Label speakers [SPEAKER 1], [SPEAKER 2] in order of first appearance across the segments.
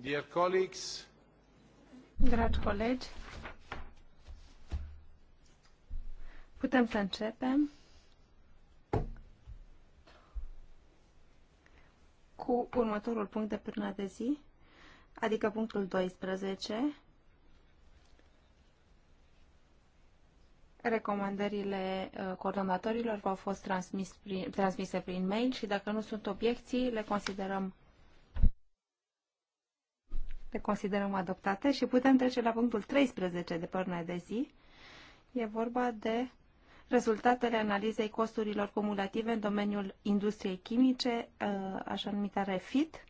[SPEAKER 1] Dragi
[SPEAKER 2] colegi, putem să începem cu următorul punct de până de zi, adică punctul 12, recomandările uh, coordonatorilor v-au fost transmis prin, transmise prin mail și dacă nu sunt obiecții, le considerăm le considerăm adoptate și putem trece la punctul 13 de părnă de zi. E vorba de rezultatele analizei costurilor cumulative în domeniul industriei chimice, ă, așa numită REFIT,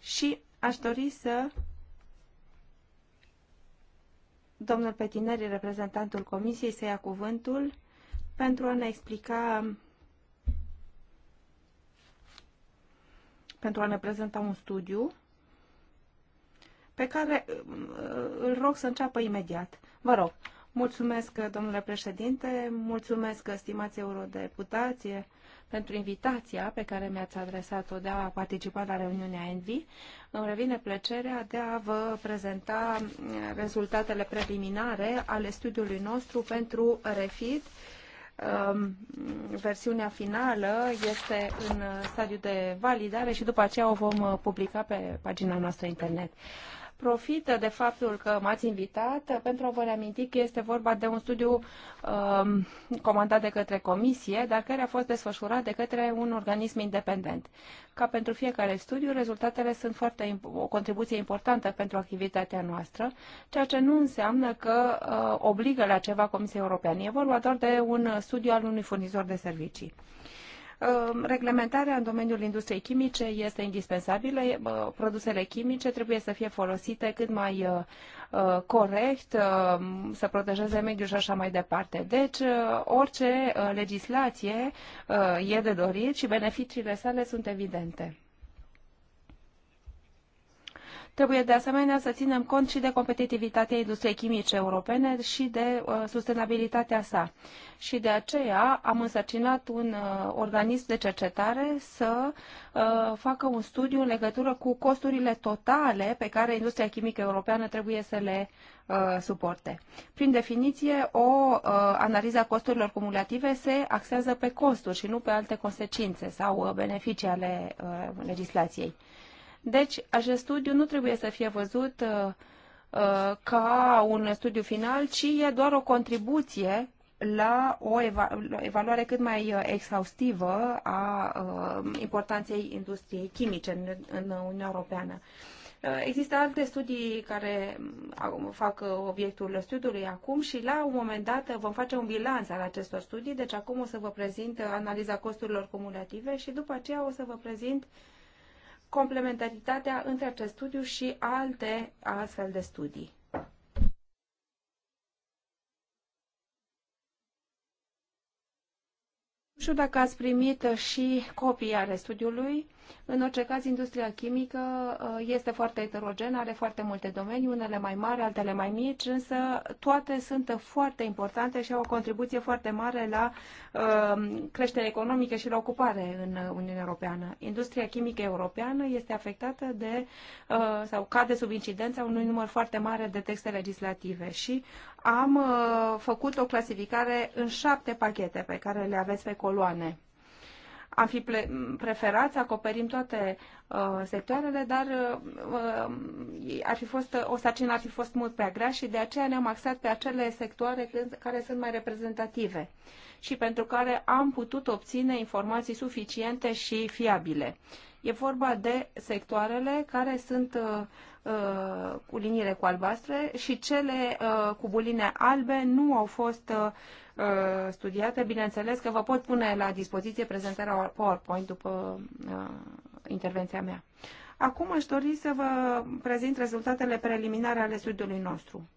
[SPEAKER 2] și aș dori să domnul Petineri, reprezentantul Comisiei, să ia cuvântul pentru a ne explica, pentru a ne prezenta un studiu pe care uh, îl rog să înceapă imediat. Vă rog. Mulțumesc, domnule președinte, mulțumesc, stimați eurodeputație, pentru invitația pe care mi-ați adresat-o de a participa la reuniunea ENVI. Îmi revine plăcerea de a vă prezenta uh, rezultatele preliminare ale studiului nostru pentru REFIT. Um, versiunea finală este în stadiu de validare și după aceea o vom uh, publica pe pagina noastră internet profită de faptul că m-ați invitat pentru a vă reaminti că este vorba de un studiu um, comandat de către comisie, dar care a fost desfășurat de către un organism independent. Ca pentru fiecare studiu, rezultatele sunt foarte o contribuție importantă pentru activitatea noastră, ceea ce nu înseamnă că uh, obligă la ceva Comisia Europeană. E vorba doar de un studiu al unui furnizor de servicii. Ehm, reglementarea în domeniul industriei chimice este indispensabilă. Produsele chimice trebuie să fie folosite cât mai corect, ehm, să protejeze mediul și așa mai departe. Deci, orice legislație e de dorit și beneficiile sale sunt evidente. Trebuie de asemenea să ținem cont și de competitivitatea industriei chimice europene și de uh, sustenabilitatea sa. Și de aceea am însărcinat un uh, organism de cercetare să uh, facă un studiu în legătură cu costurile totale pe care industria chimică europeană trebuie să le uh, suporte. Prin definiție, o uh, analiză a costurilor cumulative se axează pe costuri și nu pe alte consecințe sau uh, beneficii ale legislației. Deci, acest studiu nu trebuie să fie văzut uh, uh, ca un studiu final, ci e doar o contribuție la o evaluare cât mai uh, exhaustivă a importanței industriei chimice în Uniunea Europeană. Există alte studii care um, fac obiectul studiului acum și la un moment dat vom face un bilanț al acestor studii, deci acum o să vă prezint analiza costurilor cumulative și după aceea o să vă prezint uh, complementaritatea între acest studiu și alte astfel de studii. Nu știu dacă ați primit și copii ale studiului. În orice caz, industria chimică uh, este foarte heterogenă, are foarte multe domenii, unele mai mari, altele mai mici, însă toate sunt foarte importante și au o contribuție foarte mare la uh, creștere economică și la ocupare în Uniunea Europeană. Industria chimică europeană este afectată de uh, sau cade sub incidența unui număr foarte mare de texte legislative și am făcut o clasificare în șapte pachete pe care le aveți pe coloane am fi preferat să acoperim toate uh, sectoarele, dar uh, uh, ar fi fost, o sarcină ar fi fost mult prea grea și de aceea ne-am axat pe acele sectoare care sunt mai reprezentative și pentru care am putut obține informații suficiente și fiabile. E vorba de sectoarele care sunt uh, uh cu liniile cu albastre și cele uh, cu buline albe nu au fost uh, Uh, studiate. Bineînțeles că vă pot pune la dispoziție prezentarea PowerPoint după uh, intervenția mea.
[SPEAKER 1] Acum aș dori
[SPEAKER 2] să vă prezint rezultatele preliminare ale studiului nostru.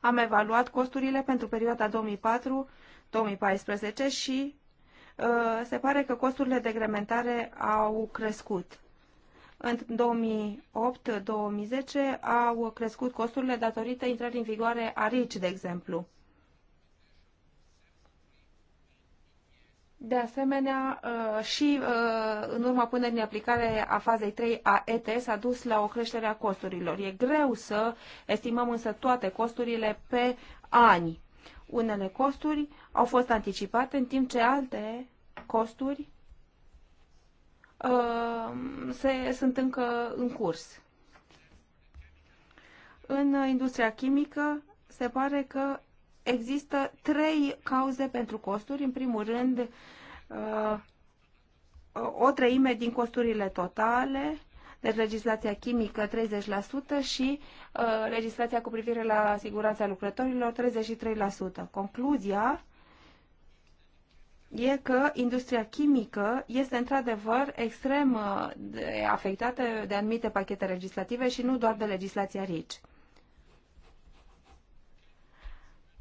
[SPEAKER 2] Am evaluat costurile pentru perioada 2004-2014 și uh, se pare că costurile de grementare au crescut. În 2008-2010 au crescut costurile datorită intrării în vigoare a RICI, de exemplu. De asemenea, uh, și uh, în urma punerii în aplicare a fazei 3 a ETS a dus la o creștere a costurilor. E greu să estimăm însă toate costurile pe ani. Unele costuri au fost anticipate, în timp ce alte costuri uh, se, sunt încă în curs. În industria chimică se pare că există trei cauze pentru costuri. În primul rând, uh, o treime din costurile totale, deci legislația chimică 30% și uh, legislația cu privire la siguranța lucrătorilor 33%. Concluzia e că industria chimică este într-adevăr extrem uh, afectată de anumite pachete legislative și nu doar de legislația RICI.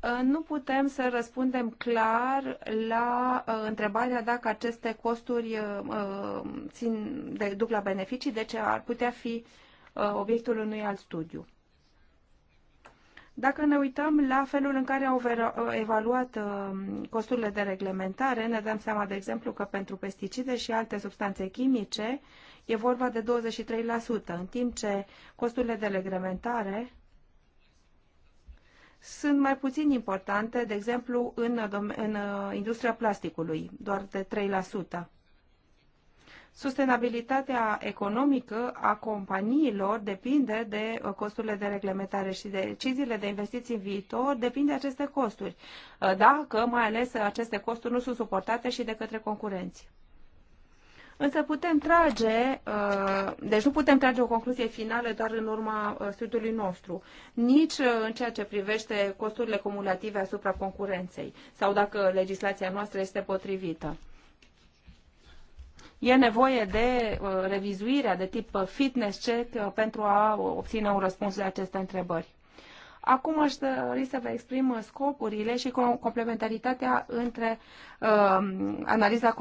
[SPEAKER 2] Uh, nu putem să răspundem clar la uh, întrebarea dacă aceste costuri uh, țin, de, duc la beneficii, deci ar putea fi obiectul unui alt studiu. Dacă ne uităm la felul în care au evaluat costurile de reglementare, ne dăm seama, de exemplu, că pentru pesticide și alte substanțe chimice e vorba de 23%, în timp ce costurile de reglementare sunt mai puțin importante, de exemplu, în, în uh, industria plasticului, doar de 3%. Sustenabilitatea economică a companiilor depinde de uh, costurile de reglementare și de deciziile de investiții în viitor depinde de aceste costuri, uh, dacă mai ales aceste costuri nu sunt suportate și de către concurenți. Însă putem trage, uh, deci nu putem trage o concluzie finală doar în urma uh, studiului nostru, nici uh, în ceea ce privește costurile cumulative asupra concurenței sau dacă legislația noastră este potrivită. E nevoie de revizuirea de tip fitness check pentru a obține un răspuns la aceste întrebări. Acum aș dori să vă exprim scopurile și complementaritatea între uh, analiza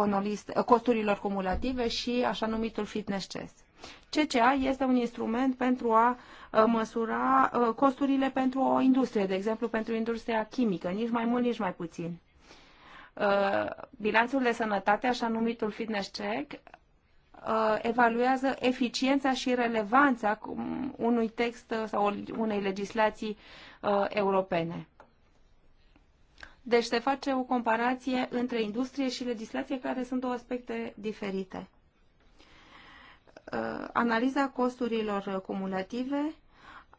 [SPEAKER 2] costurilor cumulative și așa numitul fitness chest. CCA este un instrument pentru a uh, măsura uh, costurile pentru o industrie, de exemplu pentru industria chimică, nici mai mult, nici mai puțin uh, bilanțul de sănătate, așa numitul fitness check, Uh, evaluează eficiența și relevanța unui text uh, sau unei legislații uh, europene. Deci se face o comparație între industrie și legislație, care sunt două aspecte diferite. Analiza costurilor cumulative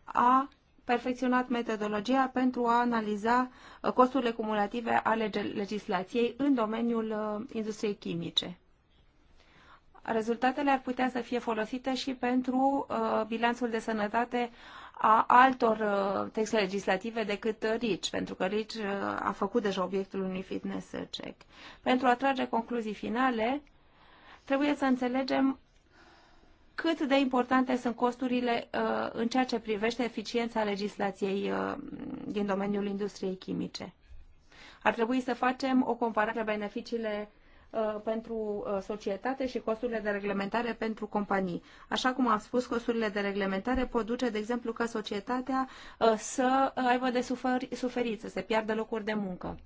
[SPEAKER 2] a perfecționat metodologia pentru a analiza costurile cumulative ale legislației în domeniul industriei chimice rezultatele ar putea să fie folosite și pentru uh, bilanțul de sănătate a altor uh, texte legislative decât RICI, pentru că RICI uh, a făcut deja obiectul unui fitness check. Pentru a trage concluzii finale, trebuie să înțelegem cât de importante sunt costurile uh, în ceea ce privește eficiența legislației uh, din domeniul industriei chimice. Ar trebui să facem o comparare beneficiile Uh, pentru uh, societate și costurile de reglementare pentru companii. Așa cum am spus, costurile de reglementare pot duce, de exemplu, ca societatea uh, să aibă de suferit, să se piardă locuri de muncă.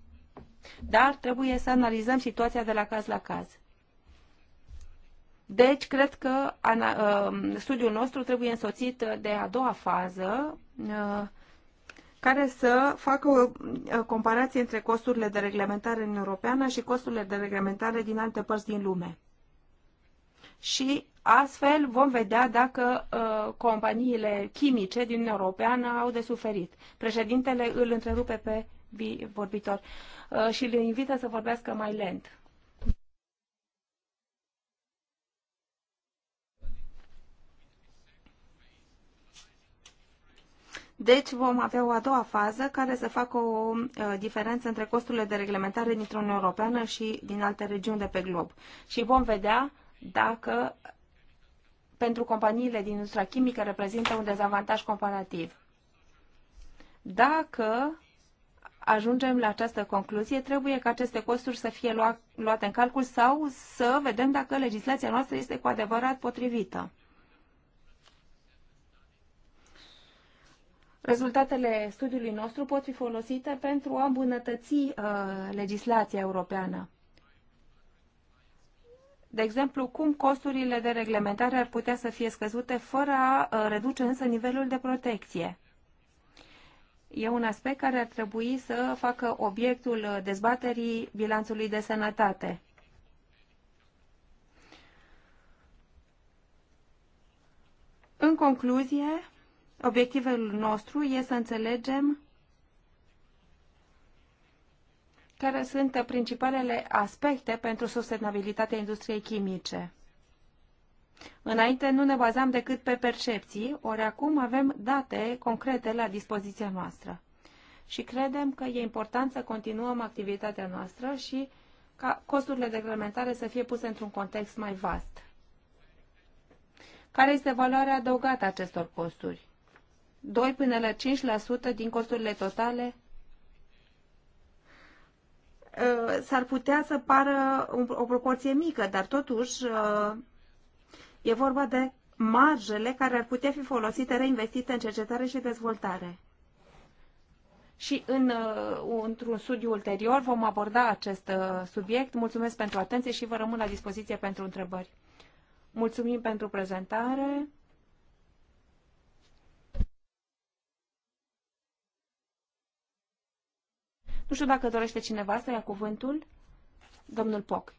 [SPEAKER 2] Dar trebuie să analizăm situația de la caz la caz. Deci, cred că studiul nostru trebuie însoțit de a doua fază, care să facă o comparație între costurile de reglementare în Europeană și costurile de reglementare din alte părți din lume. Și astfel vom vedea dacă uh, companiile chimice din Europeană au de suferit. Președintele îl întrerupe pe vorbitor uh, și îl invită să vorbească mai lent. Deci vom avea o a doua fază care să facă o uh, diferență între costurile de reglementare dintr-o Uniune Europeană și din alte regiuni de pe glob. Și vom vedea dacă pentru companiile din industria chimică reprezintă un dezavantaj comparativ. Dacă ajungem la această concluzie, trebuie ca aceste costuri să fie lua, luate în calcul sau să vedem dacă legislația noastră este cu adevărat potrivită. Rezultatele studiului nostru pot fi folosite pentru a îmbunătăți uh, legislația europeană. De exemplu, cum costurile de reglementare ar putea să fie scăzute fără a uh, reduce însă nivelul de protecție. E un aspect care ar trebui să facă obiectul uh, dezbaterii bilanțului de sănătate. În concluzie, Obiectivul nostru e să înțelegem care sunt principalele aspecte pentru sustenabilitatea industriei chimice. Înainte nu ne bazam decât pe percepții, ori acum avem date concrete la dispoziția noastră. Și credem că e important să continuăm activitatea noastră și ca costurile de reglementare să fie puse într-un context mai vast. Care este valoarea adăugată a acestor costuri? 2 până la 5% din costurile totale uh, s-ar putea să pară o proporție mică, dar totuși uh, e vorba de marjele care ar putea fi folosite, reinvestite în cercetare și dezvoltare. Și în, uh, într-un studiu ulterior vom aborda acest subiect. Mulțumesc pentru atenție și vă rămân la dispoziție pentru întrebări. Mulțumim pentru prezentare. Nu știu dacă dorește cineva să ia cuvântul. Domnul Poc.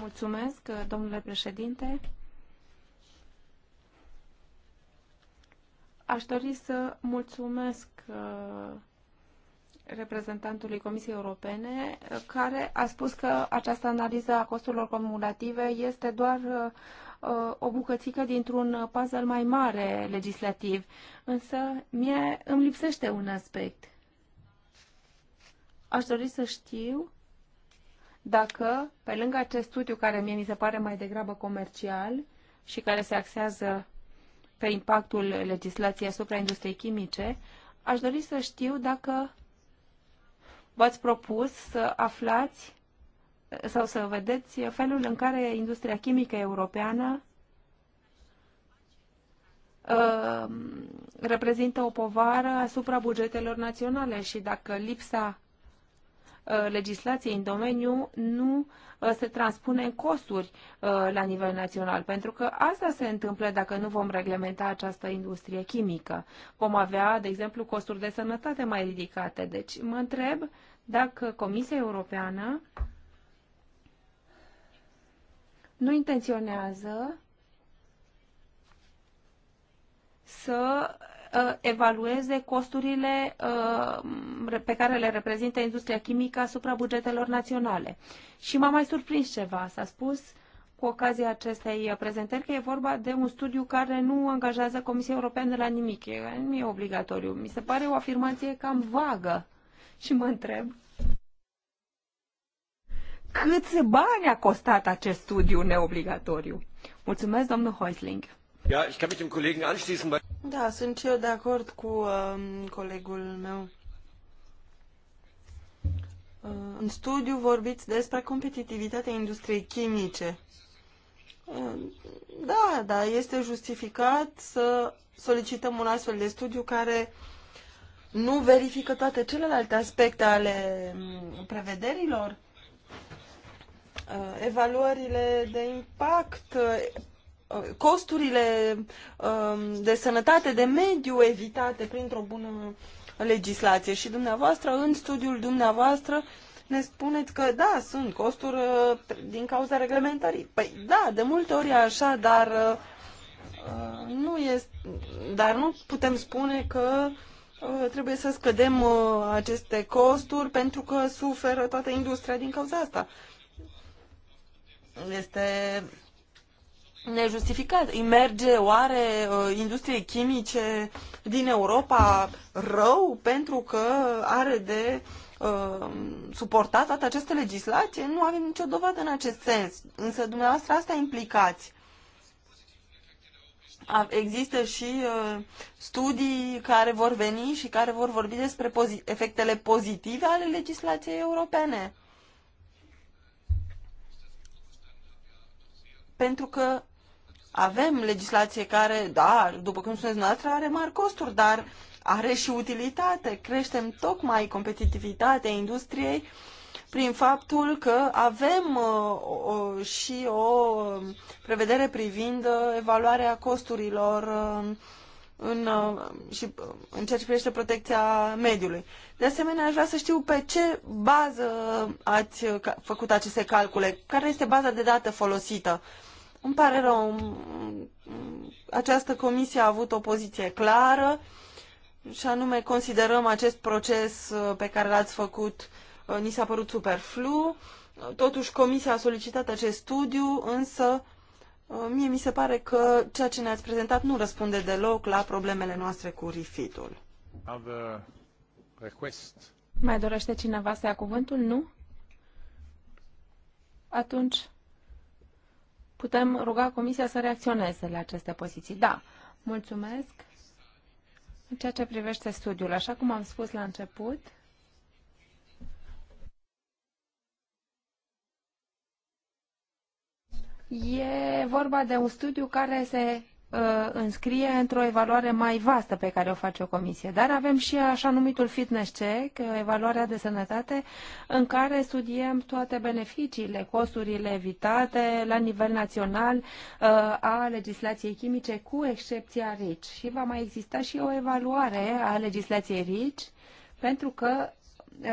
[SPEAKER 2] Mulțumesc, domnule președinte. Aș dori să mulțumesc uh, reprezentantului Comisiei Europene, uh, care a spus că această analiză a costurilor cumulative este doar uh, o bucățică dintr-un puzzle mai mare legislativ. Însă, mie îmi lipsește un aspect. Aș dori să știu dacă, pe lângă acest studiu care mie mi se pare mai degrabă comercial și care se axează pe impactul legislației asupra industriei chimice, aș dori să știu dacă v-ați propus să aflați sau să vedeți felul în care industria chimică europeană uh, reprezintă o povară asupra bugetelor naționale și dacă lipsa Uh, legislației în domeniu nu uh, se transpune în costuri uh, la nivel național, pentru că asta se întâmplă dacă nu vom reglementa această industrie chimică. Vom avea, de exemplu, costuri de sănătate mai ridicate. Deci mă întreb dacă Comisia Europeană nu intenționează să Uh, evalueze costurile uh, pe care le reprezintă industria chimică asupra bugetelor naționale. Și m-a mai surprins ceva. S-a spus cu ocazia acestei uh, prezentări că e vorba de un studiu care nu angajează Comisia Europeană la nimic. Nu e obligatoriu. Mi se pare o afirmație cam vagă. Și mă întreb câți bani a costat acest studiu neobligatoriu. Mulțumesc, domnul Heusling.
[SPEAKER 1] Da, sunt eu de acord cu um, colegul meu. Uh, în studiu vorbiți despre competitivitatea industriei chimice. Uh, da, da, este justificat să solicităm un astfel de studiu care nu verifică toate celelalte aspecte ale um, prevederilor. Uh, evaluările de impact costurile um, de sănătate, de mediu evitate printr-o bună legislație. Și dumneavoastră, în studiul dumneavoastră, ne spuneți că da, sunt costuri uh, din cauza reglementării. Păi da, de multe ori e așa, dar uh, uh, nu este, dar nu putem spune că trebuie să scădem aceste costuri pentru că suferă toată industria din cauza asta. Este nejustificat. Îi merge oare uh, industrie chimice din Europa rău pentru că are de uh, suportat toată această legislație? Nu avem nicio dovadă în acest sens. Însă dumneavoastră asta implicați. Există și uh, studii care vor veni și care vor vorbi despre pozi efectele pozitive ale legislației europene. Pentru că avem legislație care, da, după cum spuneți noastră, are mari costuri, dar are și utilitate. Creștem tocmai competitivitatea industriei prin faptul că avem uh, o, și o um, prevedere privind uh, evaluarea costurilor um, uh, în, și uh, în ceea ce privește protecția mediului. De asemenea, aș vrea să știu pe ce bază ați uh, făcut aceste calcule, care este baza de date folosită. Uh, îmi pare rău, această comisie a avut o poziție clară și anume considerăm acest proces uh, pe care l-ați făcut, uh, ni s-a părut superflu. Totuși, comisia a solicitat acest studiu, însă uh, mie mi se pare că ceea ce ne-ați prezentat nu răspunde deloc la problemele noastre cu rifitul.
[SPEAKER 2] Mai dorește cineva să ia cuvântul? Nu? Atunci putem ruga Comisia să reacționeze la aceste poziții. Da, mulțumesc. În ceea ce privește studiul, așa cum am spus la început, E vorba de un studiu care se Uh, înscrie într-o evaluare mai vastă pe care o face o comisie. Dar avem și așa numitul fitness check, uh, evaluarea de sănătate, în care studiem toate beneficiile, costurile evitate la nivel național uh, a legislației chimice, cu excepția RICI. Și va mai exista și o evaluare a legislației RICI, pentru că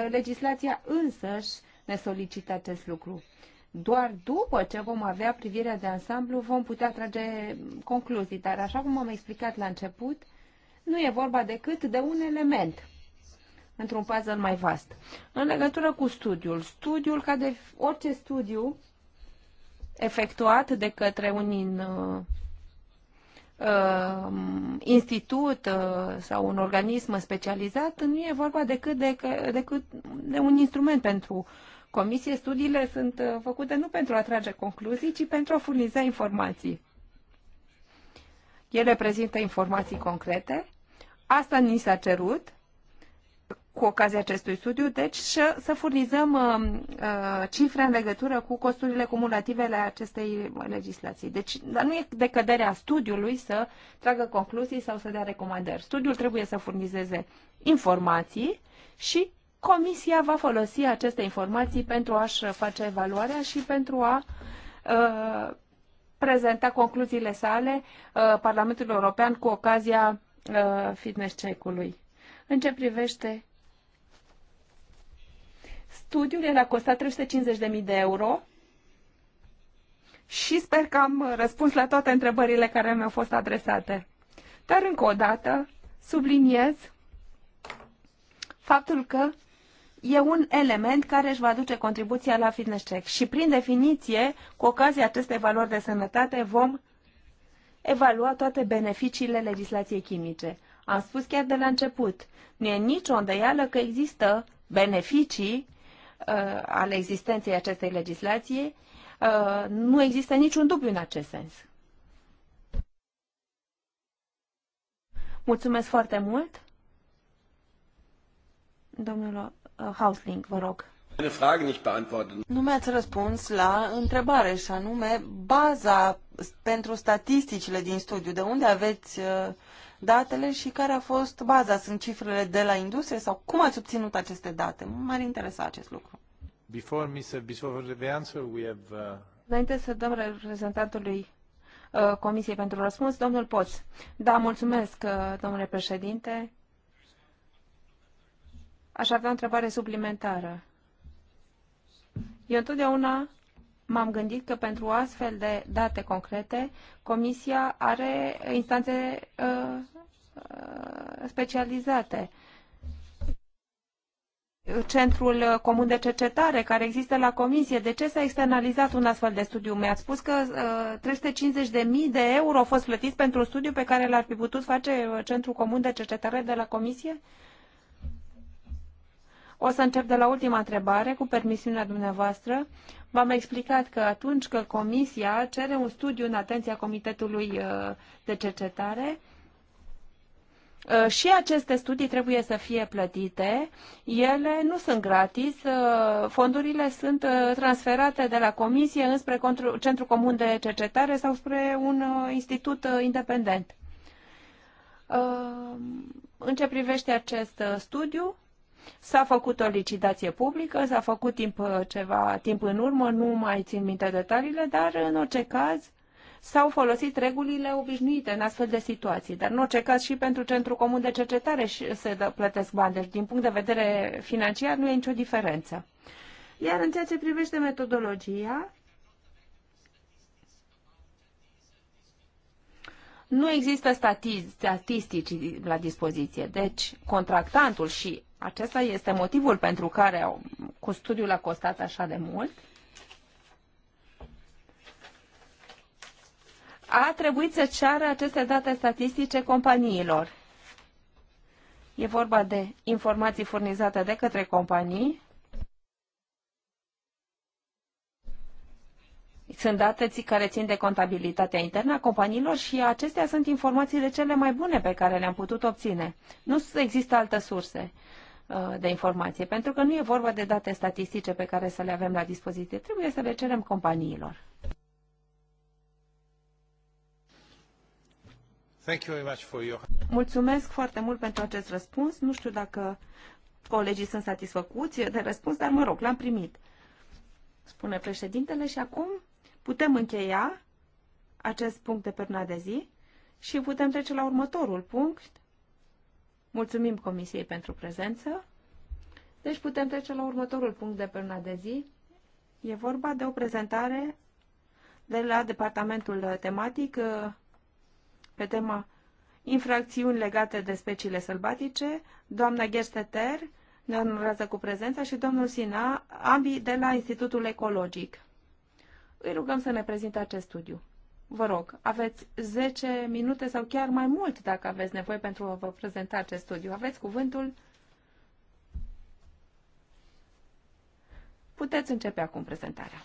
[SPEAKER 2] legislația însăși ne solicită acest lucru. Doar după ce vom avea privirea de ansamblu vom putea trage concluzii, dar așa cum am explicat la început, nu e vorba decât de un element într-un puzzle mai vast. În legătură cu studiul, studiul, ca de orice studiu efectuat de către un in, uh, uh, institut uh, sau un organism specializat, nu e vorba decât de, decât de un instrument pentru comisie, studiile sunt uh, făcute nu pentru a trage concluzii, ci pentru a furniza informații. Ele prezintă informații concrete. Asta ni s-a cerut cu ocazia acestui studiu, deci să, să furnizăm uh, uh cifre în legătură cu costurile cumulative ale acestei legislații. Deci dar nu e decăderea studiului să tragă concluzii sau să dea recomandări. Studiul trebuie să furnizeze informații și Comisia va folosi aceste informații pentru a-și face evaluarea și pentru a uh, prezenta concluziile sale uh, Parlamentului European cu ocazia uh, fitness check-ului. În ce privește studiul, el a costat 350.000 de euro și sper că am răspuns la toate întrebările care mi-au fost adresate. Dar încă o dată subliniez faptul că e un element care își va aduce contribuția la fitness check. Și prin definiție, cu ocazia acestei valori de sănătate, vom evalua toate beneficiile legislației chimice. Am spus chiar de la început, nu e nicio îndeială că există beneficii uh, ale existenței acestei legislații, uh, nu există niciun dubiu în acest sens. Mulțumesc foarte mult!
[SPEAKER 1] Domnilor, Uh, Hausling, vă rog. Nu mi-ați răspuns la întrebare și anume baza pentru statisticile din studiu. De unde aveți uh, datele și care a fost baza? Sunt cifrele de la industrie sau cum ați obținut aceste date? M-ar interesa acest lucru.
[SPEAKER 3] Uh,
[SPEAKER 2] Înainte să dăm reprezentantului Comisiei pentru răspuns, domnul Poț. Da, mulțumesc, domnule președinte. Aș avea o întrebare suplimentară. Eu întotdeauna m-am gândit că pentru astfel de date concrete, Comisia are instanțe uh, uh, specializate. Centrul Comun de Cercetare care există la Comisie, de ce s-a externalizat un astfel de studiu? Mi-ați spus că uh, 350.000 de euro au fost plătiți pentru un studiu pe care l-ar fi putut face uh, Centrul Comun de Cercetare de la Comisie? O să încep de la ultima întrebare, cu permisiunea dumneavoastră. V-am explicat că atunci când Comisia cere un studiu în atenția Comitetului uh, de Cercetare, uh, și aceste studii trebuie să fie plătite. Ele nu sunt gratis. Uh, fondurile sunt transferate de la Comisie înspre Centrul Comun de Cercetare sau spre un institut independent. În ce privește acest studiu, S-a făcut o licitație publică, s-a făcut timp, uh, ceva timp în urmă, nu mai țin minte detaliile, dar în orice caz s-au folosit regulile obișnuite în astfel de situații. Dar în orice caz și pentru Centrul Comun de Cercetare uh, se plătesc bani, deci din punct de vedere financiar nu e nicio diferență. Iar în ceea ce privește metodologia, nu există statistici la dispoziție. Deci, contractantul și acesta este motivul pentru care cu studiul a costat așa de mult. A trebuit să ceară aceste date statistice companiilor. E vorba de informații furnizate de către companii. Sunt date care țin de contabilitatea internă a companiilor și acestea sunt informațiile cele mai bune pe care le-am putut obține. Nu există alte surse. Uh, de informație, pentru că nu e vorba de date statistice pe care să le avem la dispoziție, trebuie să le cerem companiilor. Mulțumesc foarte mult pentru acest răspuns. Nu știu dacă colegii sunt satisfăcuți de răspuns, dar mă rog, l-am primit. Spune președintele și acum putem încheia acest punct de perna de zi și putem trece la următorul punct, Mulțumim Comisiei pentru prezență. Deci putem trece la următorul punct de luna de zi. E vorba de o prezentare de la departamentul tematic uh, pe tema infracțiuni legate de speciile sălbatice, doamna Gersteter ne onorează cu prezența și domnul Sina, ambii de la Institutul Ecologic. Îi rugăm să ne prezinte acest studiu. Vă rog, aveți 10 minute sau chiar mai mult dacă aveți nevoie pentru a vă prezenta acest studiu. Aveți cuvântul? Puteți începe acum prezentarea.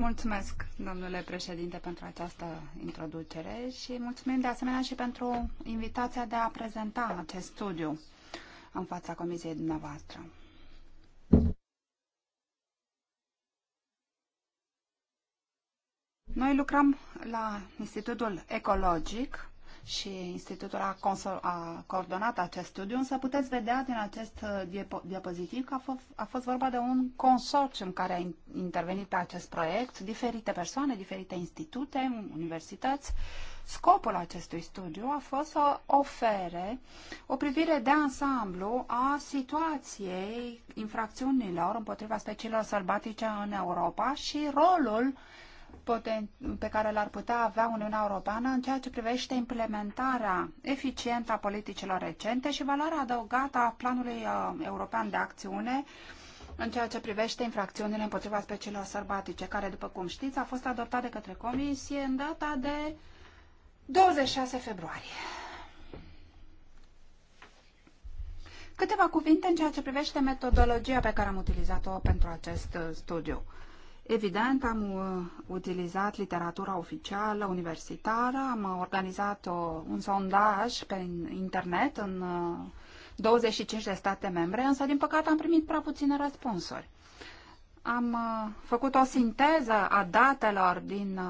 [SPEAKER 3] Mulțumesc, domnule președinte, pentru această introducere și mulțumim de asemenea și pentru invitația de a prezenta acest studiu în fața comisiei dumneavoastră. Noi lucrăm la Institutul Ecologic și institutul a, a coordonat acest studiu, însă puteți vedea din acest uh, diapozitiv că a, a fost vorba de un consorțium care a intervenit pe acest proiect, diferite persoane, diferite institute, universități. Scopul acestui studiu a fost să ofere o privire de ansamblu a situației infracțiunilor împotriva speciilor sălbatice în Europa și rolul uh, pe care l-ar putea avea Uniunea Europeană în ceea ce privește implementarea eficientă a politicilor recente și valoarea adăugată a planului uh, european de acțiune în ceea ce privește infracțiunile împotriva speciilor sărbatice, care, după cum știți, a fost adoptat de către Comisie în data de 26 februarie. Câteva cuvinte în ceea ce privește metodologia pe care am utilizat-o pentru acest uh, studiu. Evident, am uh, utilizat literatura oficială universitară, am organizat o, uh, un sondaj pe internet în 25 uh, de state membre, însă din păcate am primit prea puține răspunsuri. Am făcut o sinteză a datelor din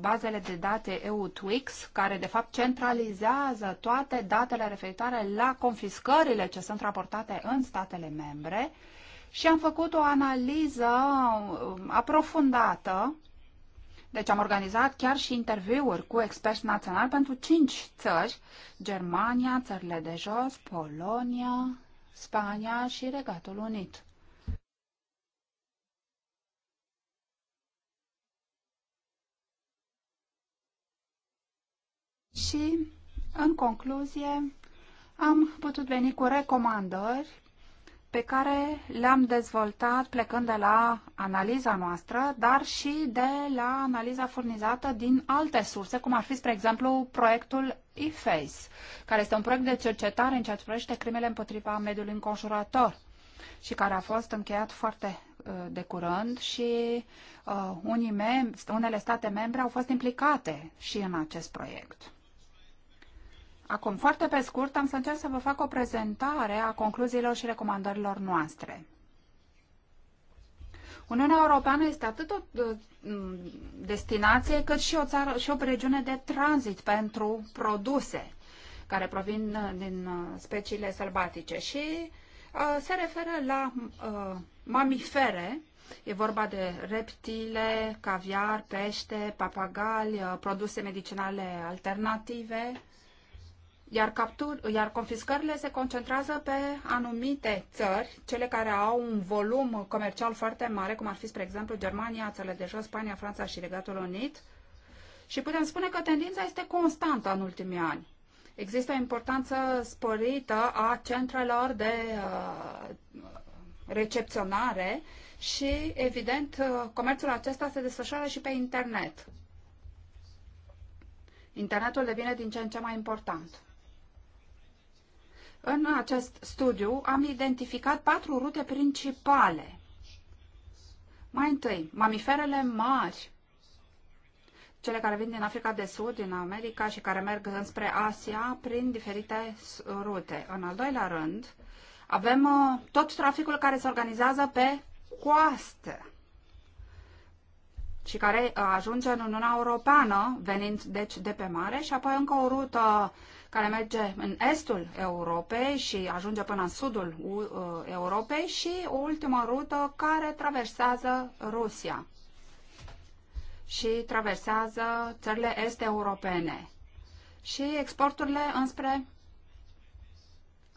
[SPEAKER 3] bazele de date eu EU-TWIX, care de fapt centralizează toate datele referitoare la confiscările ce sunt raportate în statele membre, și am făcut o analiză um, aprofundată. Deci am organizat chiar și interviuri cu experți naționali pentru cinci țări, Germania, țările de jos, Polonia, Spania și Regatul Unit. Și, în concluzie, am putut veni cu recomandări pe care le-am dezvoltat plecând de la analiza noastră, dar și de la analiza furnizată din alte surse, cum ar fi, spre exemplu, proiectul IFACE, care este un proiect de cercetare în ceea ce privește crimele împotriva mediului înconjurător și care a fost încheiat foarte uh, de curând și uh, unii mem- unele state membre au fost implicate și în acest proiect. Acum, foarte pe scurt, am să încerc să vă fac o prezentare a concluziilor și recomandărilor noastre. Uniunea Europeană este atât o mm, destinație cât și o, țară, și o regiune de tranzit pentru produse care provin uh, din uh, speciile sălbatice și uh, se referă la uh, mamifere, e vorba de reptile, caviar, pește, papagali, uh, produse medicinale alternative iar, captur, iar confiscările se concentrează pe anumite țări, cele care au un volum comercial foarte mare, cum ar fi, spre exemplu, Germania, țările de jos, Spania, Franța și Regatul Unit. Și putem spune că tendința este constantă în ultimii ani. Există o importanță sporită a centrelor de uh, recepționare și, evident, uh, comerțul acesta se desfășoară și pe internet. Internetul devine din ce în ce mai important. În acest studiu am identificat patru rute principale. Mai întâi, mamiferele mari, cele care vin din Africa de Sud, din America și care merg înspre Asia prin diferite rute. În al doilea rând, avem uh, tot traficul care se organizează pe coastă și care uh, ajunge în Uniunea Europeană, venind deci de pe mare, și apoi încă o rută care merge în estul Europei și ajunge până în sudul uh, Europei și o ultimă rută care traversează Rusia și traversează țările este europene și exporturile înspre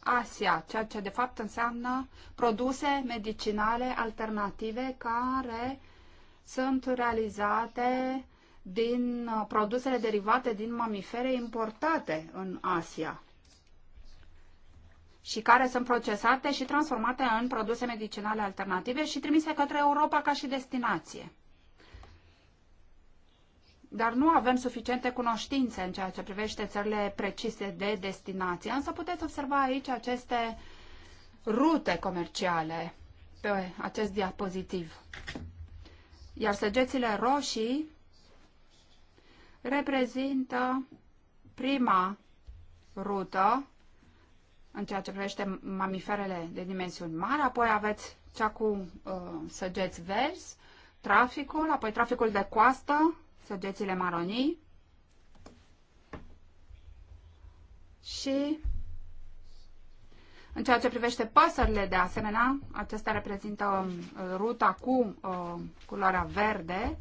[SPEAKER 3] Asia, ceea ce de fapt înseamnă produse medicinale alternative care uh, sunt realizate din uh, produsele derivate din mamifere importate în Asia și care sunt procesate și transformate în produse medicinale alternative și trimise către Europa ca și destinație. Dar nu avem suficiente cunoștințe în ceea ce privește țările precise de destinație, însă puteți observa aici aceste rute comerciale pe acest diapozitiv. Iar săgețile roșii reprezintă prima rută în ceea ce privește mamiferele de dimensiuni mari, apoi aveți cea cu uh, săgeți verzi, traficul, apoi traficul de coastă, săgețile maronii și în ceea ce privește păsările, de asemenea, acestea reprezintă um, ruta cu uh, culoarea verde.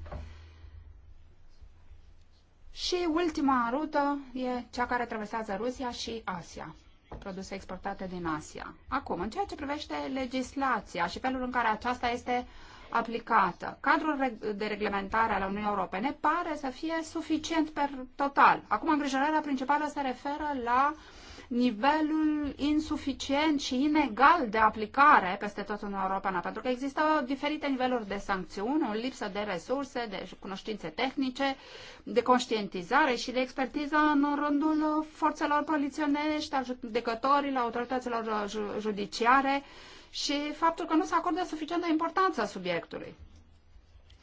[SPEAKER 3] Și ultima rută e cea care traversează Rusia și Asia, produse exportate din Asia. Acum, în ceea ce privește legislația și felul în care aceasta este aplicată, cadrul de reglementare al Uniunii Europene pare să fie suficient per total. Acum, îngrijorarea principală se referă la uh, nivelul insuficient și inegal de aplicare peste tot în Europa, pentru că există diferite niveluri de sancțiuni, o lipsă de resurse, de cunoștințe tehnice, de conștientizare și de expertiză în rândul forțelor poliționești, al judecătorilor, autorităților judiciare și faptul că nu se acordă suficientă importanță subiectului.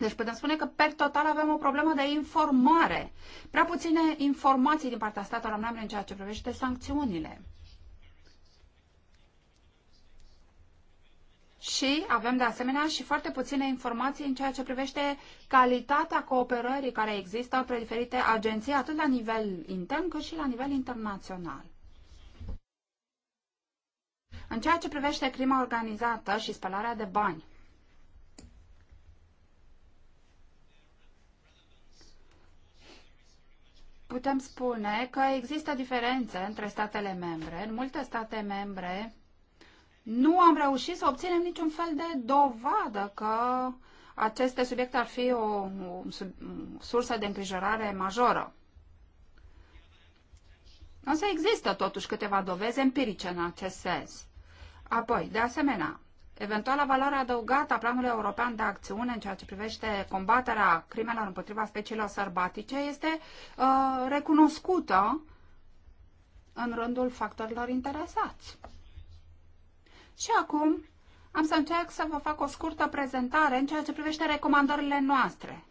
[SPEAKER 3] Deci putem spune că, per total, avem o problemă de informare. Prea puține informații din partea statelor membre în ceea ce privește sancțiunile. Și avem de asemenea și foarte puține informații în ceea ce privește calitatea cooperării care există între diferite agenții, atât la nivel intern cât și la nivel internațional. În ceea ce privește crima organizată și spălarea de bani, putem spune că există diferențe între statele membre. În multe state membre nu am reușit să obținem niciun fel de dovadă că aceste subiecte ar fi o, o o sursă de îngrijorare majoră. Însă există totuși câteva doveze empirice în acest sens. Apoi, de asemenea, Eventuala valoare adăugată a Planului European de Acțiune în ceea ce privește combaterea crimelor împotriva speciilor sărbatice este uh, recunoscută în rândul factorilor interesați. Și acum am să încerc să vă fac o scurtă prezentare în ceea ce privește recomandările noastre.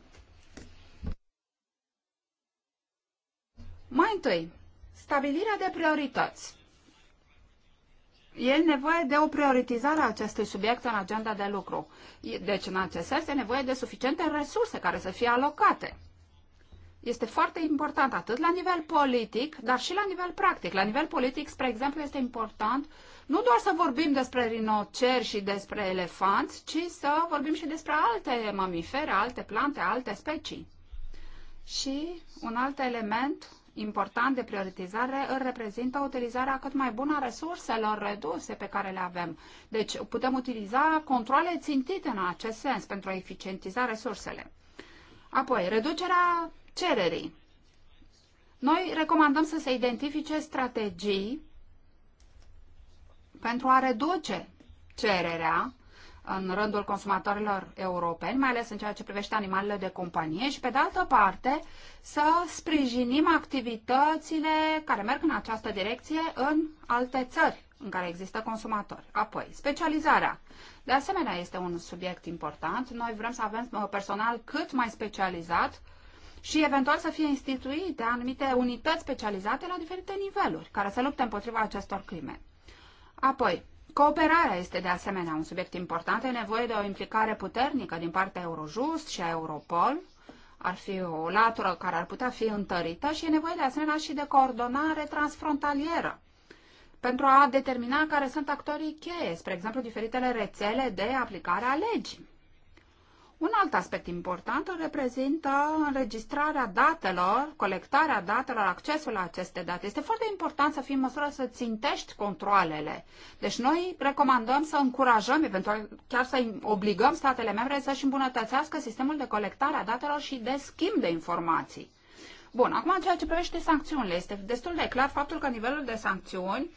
[SPEAKER 3] Mai întâi, stabilirea de priorități. E nevoie de o prioritizare a acestui subiect în agenda de lucru. Deci, în acest sens, e nevoie de suficiente resurse care să fie alocate. Este foarte important atât la nivel politic, dar și la nivel practic. La nivel politic, spre exemplu, este important nu doar să vorbim despre rinoceri și despre elefanți, ci să vorbim și despre alte mamifere, alte plante, alte specii. Și un alt element important de prioritizare îl reprezintă utilizarea cât mai bună a resurselor reduse pe care le avem. Deci putem utiliza controle țintite în acest sens pentru a eficientiza resursele. Apoi, reducerea cererii. Noi recomandăm să se identifice strategii pentru a reduce cererea în rândul consumatorilor europeni, mai ales în ceea ce privește animalele de companie și, pe de altă parte, să sprijinim activitățile care merg în această direcție în alte țări în care există consumatori. Apoi, specializarea. De asemenea, este un subiect important. Noi vrem să avem uh, personal cât mai specializat și eventual să fie instituite anumite unități specializate la diferite niveluri care să lupte împotriva acestor crime. Apoi, Cooperarea este de asemenea un subiect important. E nevoie de o implicare puternică din partea Eurojust și a Europol. Ar fi o latură care ar putea fi întărită și e nevoie de asemenea și de coordonare transfrontalieră pentru a determina care sunt actorii cheie, spre exemplu diferitele rețele de aplicare a legii. Un alt aspect important îl reprezintă înregistrarea datelor, colectarea datelor, accesul la aceste date. Este foarte important să fii în măsură să țintești controlele. Deci noi recomandăm să încurajăm, eventual chiar să obligăm statele membre să-și îmbunătățească sistemul de colectare a datelor și de schimb de informații. Bun, acum în ceea ce privește sancțiunile, este destul de clar faptul că nivelul de sancțiuni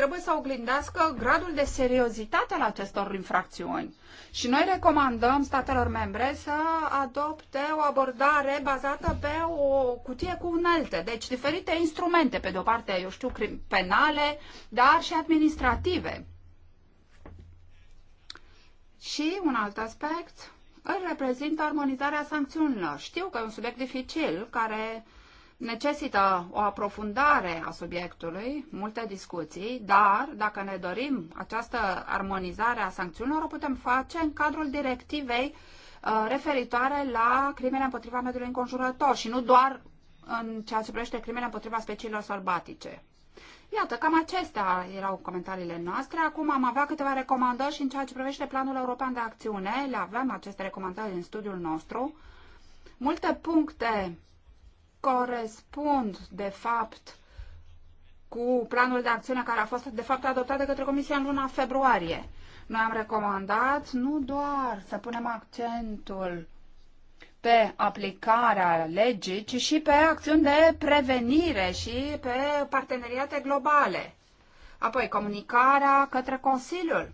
[SPEAKER 3] trebuie să oglindească gradul de seriozitate al acestor infracțiuni. Și noi recomandăm statelor membre să adopte o abordare bazată pe o cutie cu unelte, deci diferite instrumente, pe de-o parte, eu știu, penale, dar și administrative. Și un alt aspect îl reprezintă armonizarea sancțiunilor. Știu că e un subiect dificil care uh, necesită o aprofundare a subiectului, multe discuții, dar dacă ne dorim această armonizare a sancțiunilor, o putem face în cadrul directivei uh, referitoare la crimele împotriva mediului înconjurător și nu doar în ceea ce privește crimele împotriva speciilor sălbatice. Iată, cam acestea erau comentariile noastre. Acum am avea câteva recomandări și în ceea ce privește planul european de acțiune, le avem aceste recomandări în studiul nostru. Multe puncte corespund, de fapt, cu planul de acțiune care a fost, de fapt, adoptat de către Comisia în luna februarie. Noi am recomandat nu doar să punem accentul pe aplicarea legii, ci și pe acțiuni de prevenire și pe parteneriate globale. Apoi, comunicarea către Consiliul.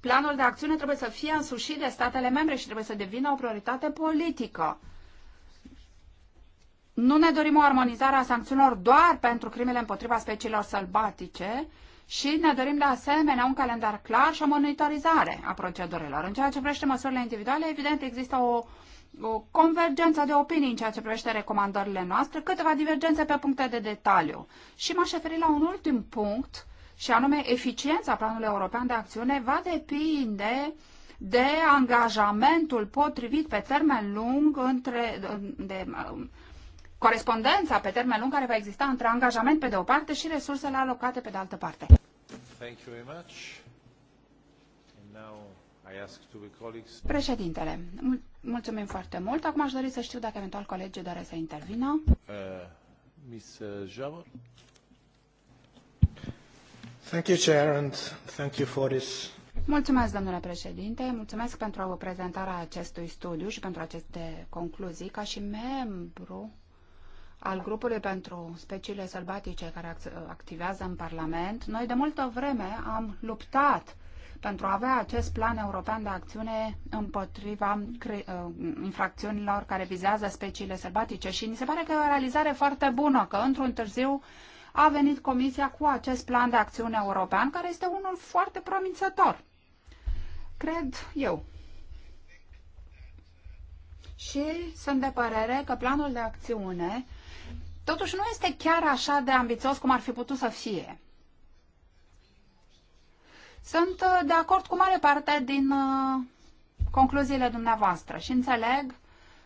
[SPEAKER 3] Planul de acțiune trebuie să fie însușit de statele membre și trebuie să devină o prioritate politică. Nu ne dorim o armonizare a sancțiunilor doar pentru crimele împotriva speciilor sălbatice și ne dorim de asemenea un calendar clar și o monitorizare a procedurilor. În ceea ce privește măsurile individuale, evident există o, o convergență de opinii în ceea ce privește recomandările noastre, câteva divergențe pe puncte de detaliu. Și m-aș referi la un ultim punct, și anume eficiența planului european de acțiune va depinde de angajamentul potrivit pe termen lung între, de, de corespondența pe termen lung care va exista între angajament pe de o parte și resursele alocate pe de altă parte. Președintele, mul mulțumim foarte mult. Acum aș dori să știu dacă eventual colegii doresc să intervină.
[SPEAKER 1] Uh, uh, Javor. Thank you, Chair, and thank you for this
[SPEAKER 3] Mulțumesc, domnule președinte, mulțumesc pentru prezentarea acestui studiu și pentru aceste concluzii. Ca și membru al grupului pentru speciile sălbatice care activează în Parlament, noi de multă vreme am luptat pentru a avea acest plan european de acțiune împotriva uh, infracțiunilor care vizează speciile sălbatice și mi se pare că e o realizare foarte bună, că într-un târziu a venit Comisia cu acest plan de acțiune european, care este unul foarte promițător. Cred eu. Și sunt de părere că planul de acțiune totuși nu este chiar așa de ambițios cum ar fi putut să fie. Sunt uh, de acord cu mare parte din uh, concluziile dumneavoastră și înțeleg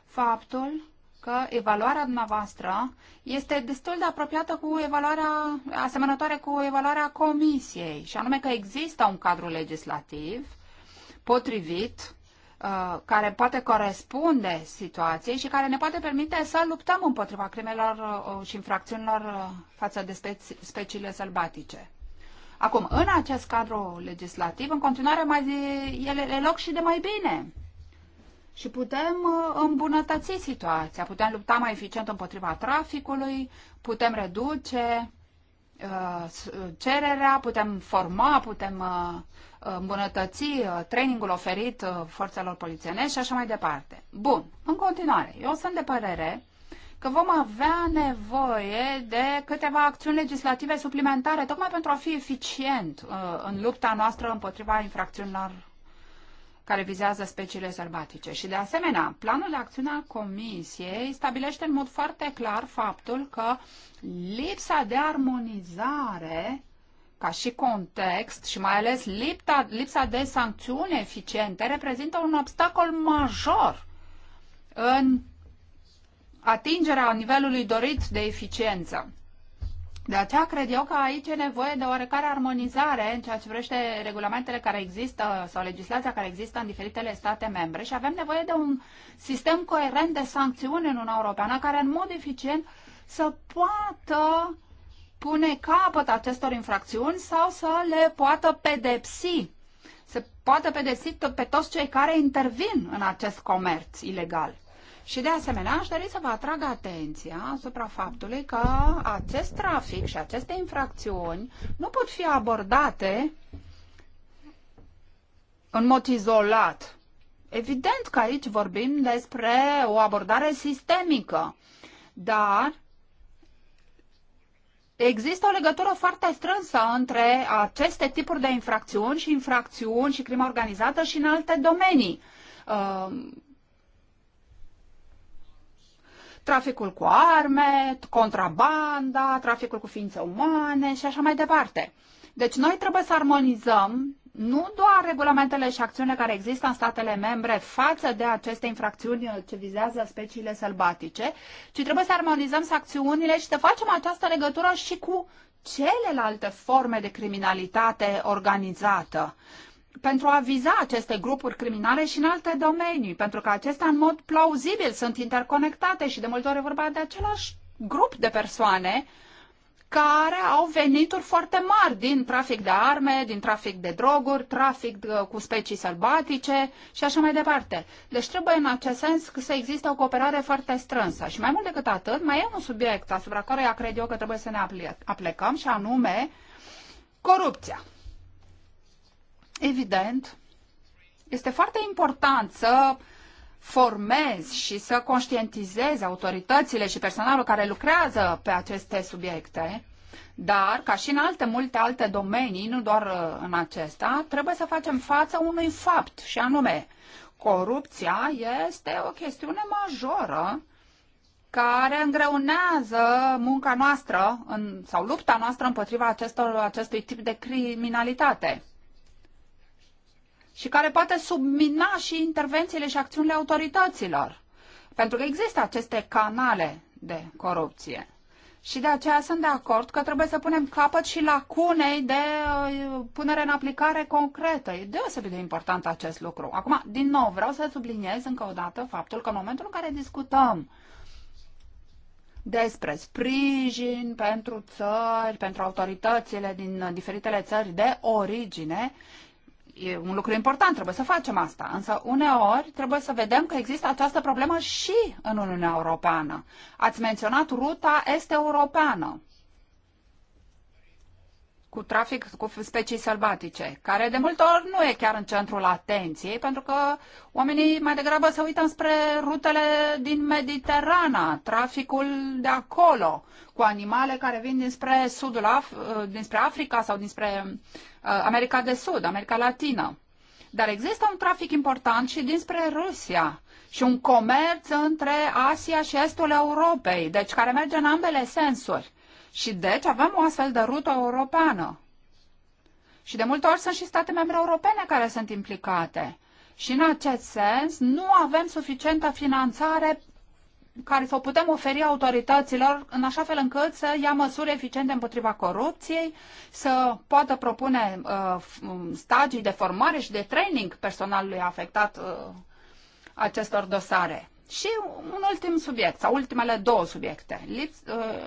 [SPEAKER 3] faptul că evaluarea dumneavoastră este destul de apropiată cu evaluarea, asemănătoare cu evaluarea comisiei, și anume că există un cadru legislativ potrivit Uh, care poate corespunde situației și care ne poate permite să luptăm împotriva crimelor uh, uh, și infracțiunilor față de speci speciile sălbatice. Acum, în acest cadru legislativ, în continuare, mai ele loc și de mai bine. Și putem îmbunătăți situația, putem lupta mai eficient împotriva traficului, putem reduce cererea, putem forma, putem îmbunătăți uh, trainingul oferit uh, forțelor polițienești și așa mai departe. Bun, în continuare, eu sunt de părere că vom avea nevoie de câteva acțiuni legislative suplimentare, tocmai pentru a fi eficient uh, în lupta noastră împotriva infracțiunilor care vizează speciile sălbatice. Și de asemenea, planul de acțiune al Comisiei stabilește în mod foarte clar faptul că lipsa de armonizare ca și context și mai ales lipta, lipsa de sancțiuni eficiente reprezintă un obstacol major în atingerea nivelului dorit de eficiență. De aceea cred eu că aici e nevoie de oarecare armonizare în ceea ce privește regulamentele care există sau legislația care există în diferitele state membre și avem nevoie de un sistem coerent de sancțiuni în Uniunea Europeană care în mod eficient să poată pune capăt acestor infracțiuni sau să le poată pedepsi. Se poate pedepsi pe toți cei care intervin în acest comerț ilegal. Și de asemenea, aș dori să vă atrag atenția asupra faptului că acest trafic și aceste infracțiuni nu pot fi abordate în mod izolat. Evident că aici vorbim despre o abordare sistemică, dar Există o legătură foarte strânsă între aceste tipuri de infracțiuni și infracțiuni și crimă organizată și în alte domenii. Ehm, traficul cu arme, contrabanda, traficul cu ființe umane și așa mai departe. Deci noi trebuie să armonizăm nu doar regulamentele și acțiunile care există în statele membre față de aceste infracțiuni ce vizează speciile sălbatice, ci trebuie să armonizăm sancțiunile și să facem această legătură și cu celelalte forme de criminalitate organizată pentru a viza aceste grupuri criminale și în alte domenii, pentru că acestea în mod plauzibil sunt interconectate și de multe ori vorba de același grup de persoane uh, care au venituri foarte mari din trafic de arme, din trafic de droguri, trafic uh, cu specii sălbatice și așa mai departe. Deci trebuie în acest sens să existe o cooperare foarte strânsă. Și mai mult decât atât, mai e un subiect asupra căruia cred eu că trebuie să ne aplecăm și anume corupția. Evident, este foarte important să uh, formez și să conștientizezi autoritățile și personalul care lucrează pe aceste subiecte, dar, ca și în alte multe alte domenii, nu doar uh, în acesta, trebuie să facem față unui fapt, și anume, corupția este o chestiune majoră care îngreunează munca noastră în, sau lupta noastră împotriva acestor, acestui tip de criminalitate și care poate submina și intervențiile și acțiunile autorităților. Pentru că există aceste canale de corupție. Și de aceea sunt de acord că trebuie să punem capăt și lacunei de uh, punere în aplicare concretă. E deosebit de important acest lucru. Acum, din nou, vreau să subliniez încă o dată faptul că în momentul în care discutăm despre sprijin pentru țări, pentru autoritățile din uh, diferitele țări de origine, e un lucru important, trebuie să facem asta. Însă uneori trebuie să vedem că există această problemă și în Uniunea Europeană. Ați menționat ruta este europeană cu trafic cu specii sălbatice, care de multe ori nu e chiar în centrul atenției, pentru că oamenii mai degrabă se uită spre rutele din Mediterana, traficul de acolo, cu animale care vin dinspre sudul Af- uh, dinspre Africa sau dinspre uh, America de Sud, America Latină. Dar există un trafic important și dinspre Rusia și un comerț între Asia și Estul Europei, deci care merge în ambele sensuri. Și deci avem o astfel de rută europeană. Și de multe ori sunt și state membre europene care sunt implicate. Și în acest sens nu avem suficientă finanțare care să o putem oferi autorităților în așa fel încât să ia măsuri eficiente împotriva corupției, să poată propune uh, stagii de formare și de training personalului afectat uh, acestor dosare. Și un ultim subiect, sau ultimele două subiecte. Lips, uh,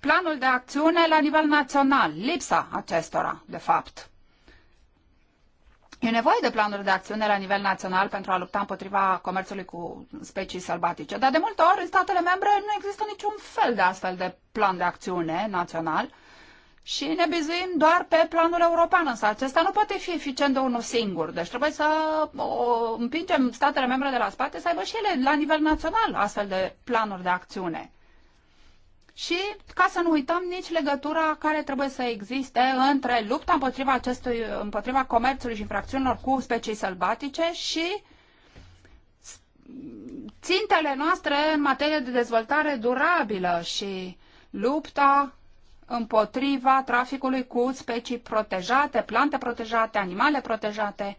[SPEAKER 3] planul de acțiune la nivel național, lipsa acestora, de fapt. E nevoie de planuri de acțiune la nivel național pentru a lupta împotriva comerțului cu specii sălbatice, dar de multe ori în statele membre nu există niciun fel de astfel de plan de acțiune național și ne bizuim doar pe planul european, însă acesta nu poate fi eficient de unul singur. Deci trebuie să împingem statele membre de la spate să aibă și ele la nivel național astfel de planuri de acțiune. Și ca să nu uităm nici legătura care trebuie să existe între lupta împotriva, acestui, împotriva comerțului și infracțiunilor cu specii sălbatice și țintele noastre în materie de dezvoltare durabilă și lupta împotriva traficului cu specii protejate, plante protejate, animale protejate.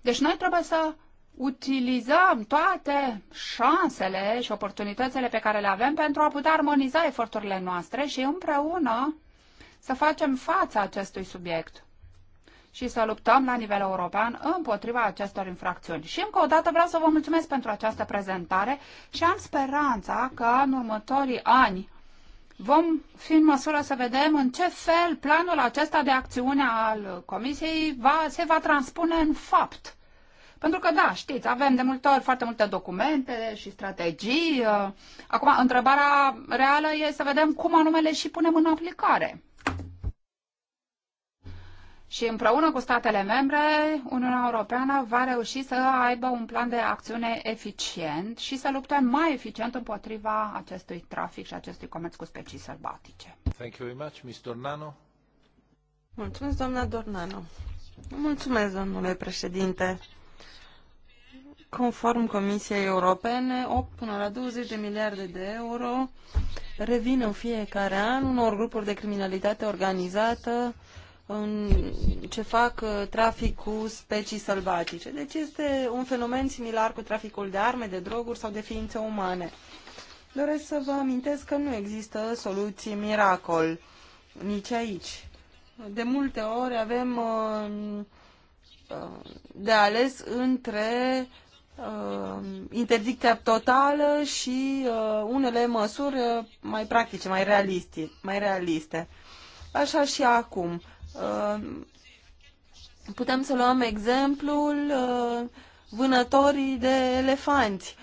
[SPEAKER 3] Deci noi trebuie să utilizăm toate șansele și oportunitățile pe care le avem pentru a putea armoniza eforturile noastre și împreună să facem fața acestui subiect și să luptăm la nivel european împotriva acestor infracțiuni. Și încă o dată vreau să vă mulțumesc pentru această prezentare și am speranța că în următorii ani vom fi în măsură să vedem în ce fel planul acesta de acțiune al Comisiei va, se va transpune în fapt pentru că, da, știți, avem de multe ori foarte multe documente și strategii. Acum, întrebarea reală e să vedem cum anume le și punem în aplicare. Și împreună cu statele membre, Uniunea Europeană va reuși să aibă un plan de acțiune eficient și să lupte mai eficient împotriva acestui trafic și acestui comerț
[SPEAKER 1] cu specii sălbatice. Thank you very much, Ms. Dornano. Mulțumesc, doamna Dornano. Mulțumesc, domnule președinte. Conform Comisiei Europene, 8 până la 20 de miliarde de euro revin în fiecare an unor grupuri de criminalitate organizată ce fac uh, trafic cu specii sălbatice. Deci este un fenomen similar cu traficul de arme, de droguri sau de ființe umane. Doresc să vă amintesc că nu există soluții miracol nici aici. De multe ori avem uh, uh, de ales între Uh, interdicția totală și uh, unele măsuri uh, mai practice, mai, mai realiste. Așa și acum. Putem să luăm exemplul vânătorii de elefanți.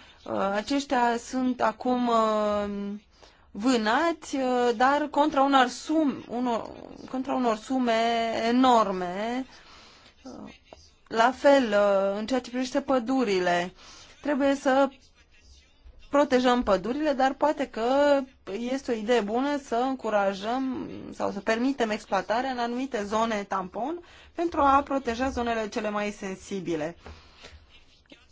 [SPEAKER 1] Aceștia sunt acum vânați, dar contra unor, sum, unor, contra unor sume enorme la fel, uh, în ceea ce privește pădurile, trebuie să protejăm pădurile, dar poate că este o idee bună să încurajăm sau să permitem exploatarea în anumite zone tampon pentru a proteja zonele cele mai sensibile.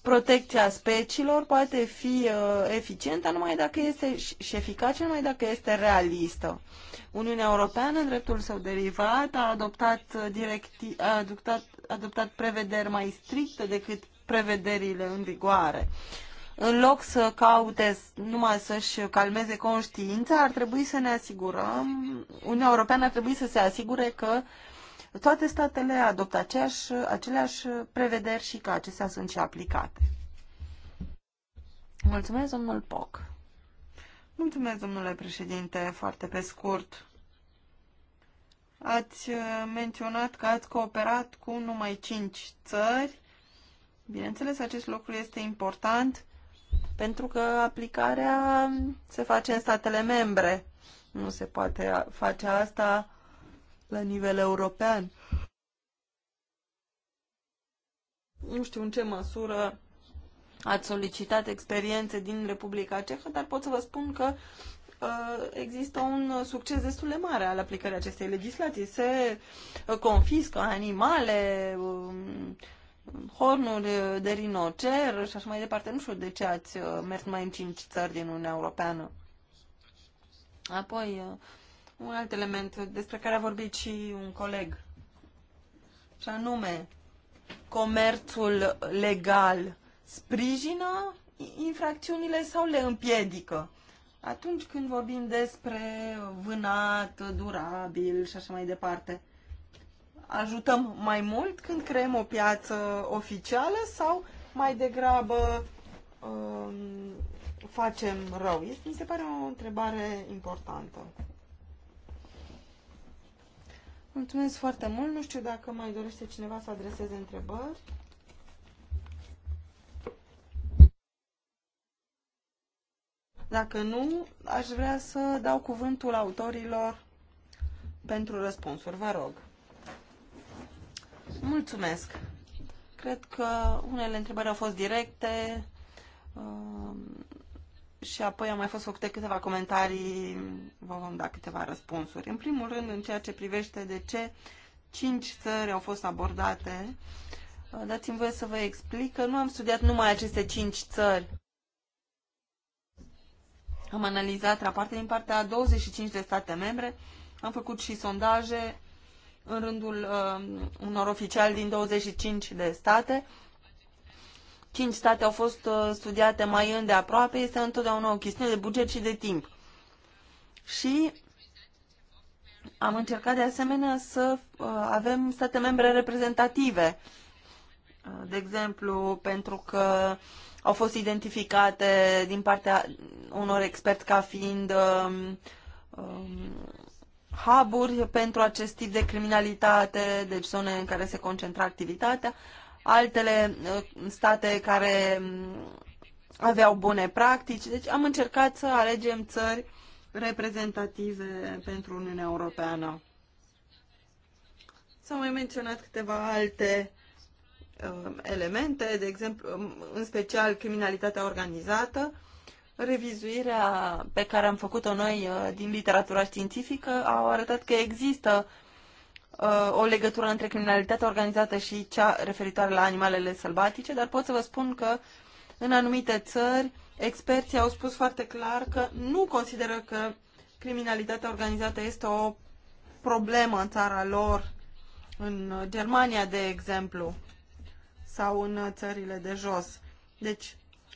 [SPEAKER 1] Protecția speciilor poate fi uh, eficientă numai dacă este și eficace numai dacă este realistă. Uniunea Europeană, în dreptul său derivat, a adoptat, uh, directi- a adoptat, adoptat prevederi mai stricte decât prevederile în vigoare. În loc să caute numai să-și calmeze conștiința, ar trebui să ne asigurăm, Uniunea Europeană ar trebui să se asigure că toate statele adoptă aceeași, aceleași prevederi și că acestea sunt și aplicate. Mulțumesc, domnul Poc. Mulțumesc, domnule președinte, foarte pe scurt. Ați uh, menționat că ați cooperat cu numai 5 țări. Bineînțeles, acest lucru este important pentru că aplicarea se face în statele membre. Nu se poate face asta la nivel european. Nu știu în ce măsură ați solicitat experiențe din Republica Cehă, dar pot să vă spun că Uh, există un succes destul de mare al aplicării acestei legislații. Se uh, confiscă animale, um, hornuri uh, de rinocer și așa mai departe. Nu știu de ce ați mers mai în cinci țări din Uniunea Europeană. Apoi, un alt element despre care a vorbit și un coleg, și anume comerțul legal sprijină infracțiunile sau le împiedică? atunci când vorbim despre vânat, durabil și așa mai departe. Ajutăm mai mult când creăm o piață oficială sau mai degrabă um, facem rău? Este, mi se pare o întrebare importantă. Mulțumesc foarte mult. Nu știu dacă mai dorește cineva să adreseze întrebări. Dacă nu, aș vrea să dau cuvântul autorilor pentru răspunsuri. Vă rog. Mulțumesc. Cred că unele întrebări au fost directe um, și apoi au mai fost făcute câteva comentarii, vă vom da câteva răspunsuri. În primul rând, în ceea ce privește de ce cinci țări au fost abordate, uh, dați-mi voie să vă explic că nu am studiat numai aceste cinci țări. Am analizat rapoarte din partea 25 de state membre, am făcut și sondaje în rândul uh, unor oficiali din 25 de state. Cinci state au fost uh, studiate mai îndeaproape, este întotdeauna o chestiune de buget și de timp. Și am încercat de asemenea să uh, avem state membre reprezentative uh, de exemplu, pentru că au fost identificate din partea unor experți ca fiind um, um, hub pentru acest tip de criminalitate, deci zone în care se concentra activitatea, altele uh, state care um, aveau bune practici. Deci am încercat să alegem țări reprezentative pentru Uniunea Europeană. S-au mai menționat câteva alte Um, elemente, de exemplu, um, în special criminalitatea organizată, revizuirea pe care am făcut-o noi uh, din literatura științifică a arătat că există uh, o legătură între criminalitatea organizată și cea referitoare la animalele sălbatice, dar pot să vă spun că în anumite țări experții au spus foarte clar că nu consideră că criminalitatea organizată este o problemă în țara lor, în Germania, de exemplu sau în țările de jos. Deci,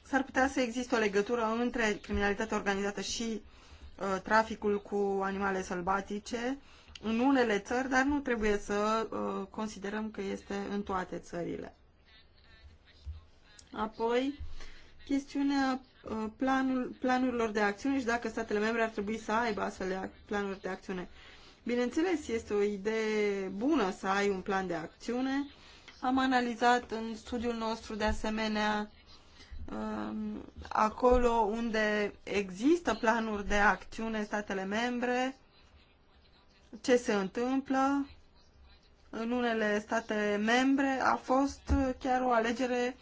[SPEAKER 1] s-ar putea să existe o legătură între criminalitatea organizată și uh, traficul cu animale sălbatice în unele țări, dar nu trebuie să uh, considerăm că este în toate țările. Apoi, chestiunea uh, planul, planurilor de acțiune și dacă statele membre ar trebui să aibă astfel de planuri de acțiune. Bineînțeles, este o idee bună să ai un plan de acțiune, am analizat în studiul nostru de asemenea um, acolo unde există planuri de acțiune în statele membre, ce se întâmplă. În unele state membre a fost chiar o alegere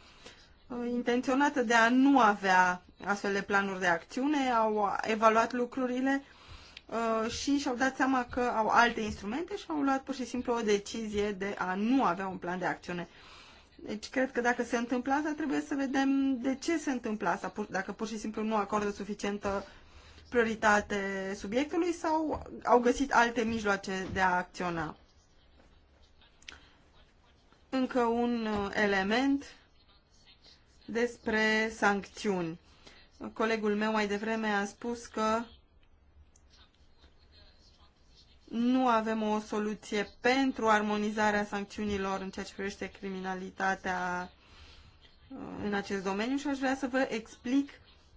[SPEAKER 1] uh, intenționată de a nu avea astfel de planuri de acțiune, au evaluat lucrurile Uh, și și-au dat seama că au alte instrumente și au luat pur și simplu o decizie de a nu avea un plan de acțiune. Deci cred că dacă se întâmplă asta, trebuie să vedem de ce se întâmplă asta, dacă pur și simplu nu acordă suficientă prioritate subiectului sau au găsit alte mijloace de a acționa. Încă un uh, element despre sancțiuni. Colegul meu mai devreme a spus că nu avem o soluție pentru armonizarea sancțiunilor în ceea ce privește criminalitatea uh, în acest domeniu și aș vrea să vă explic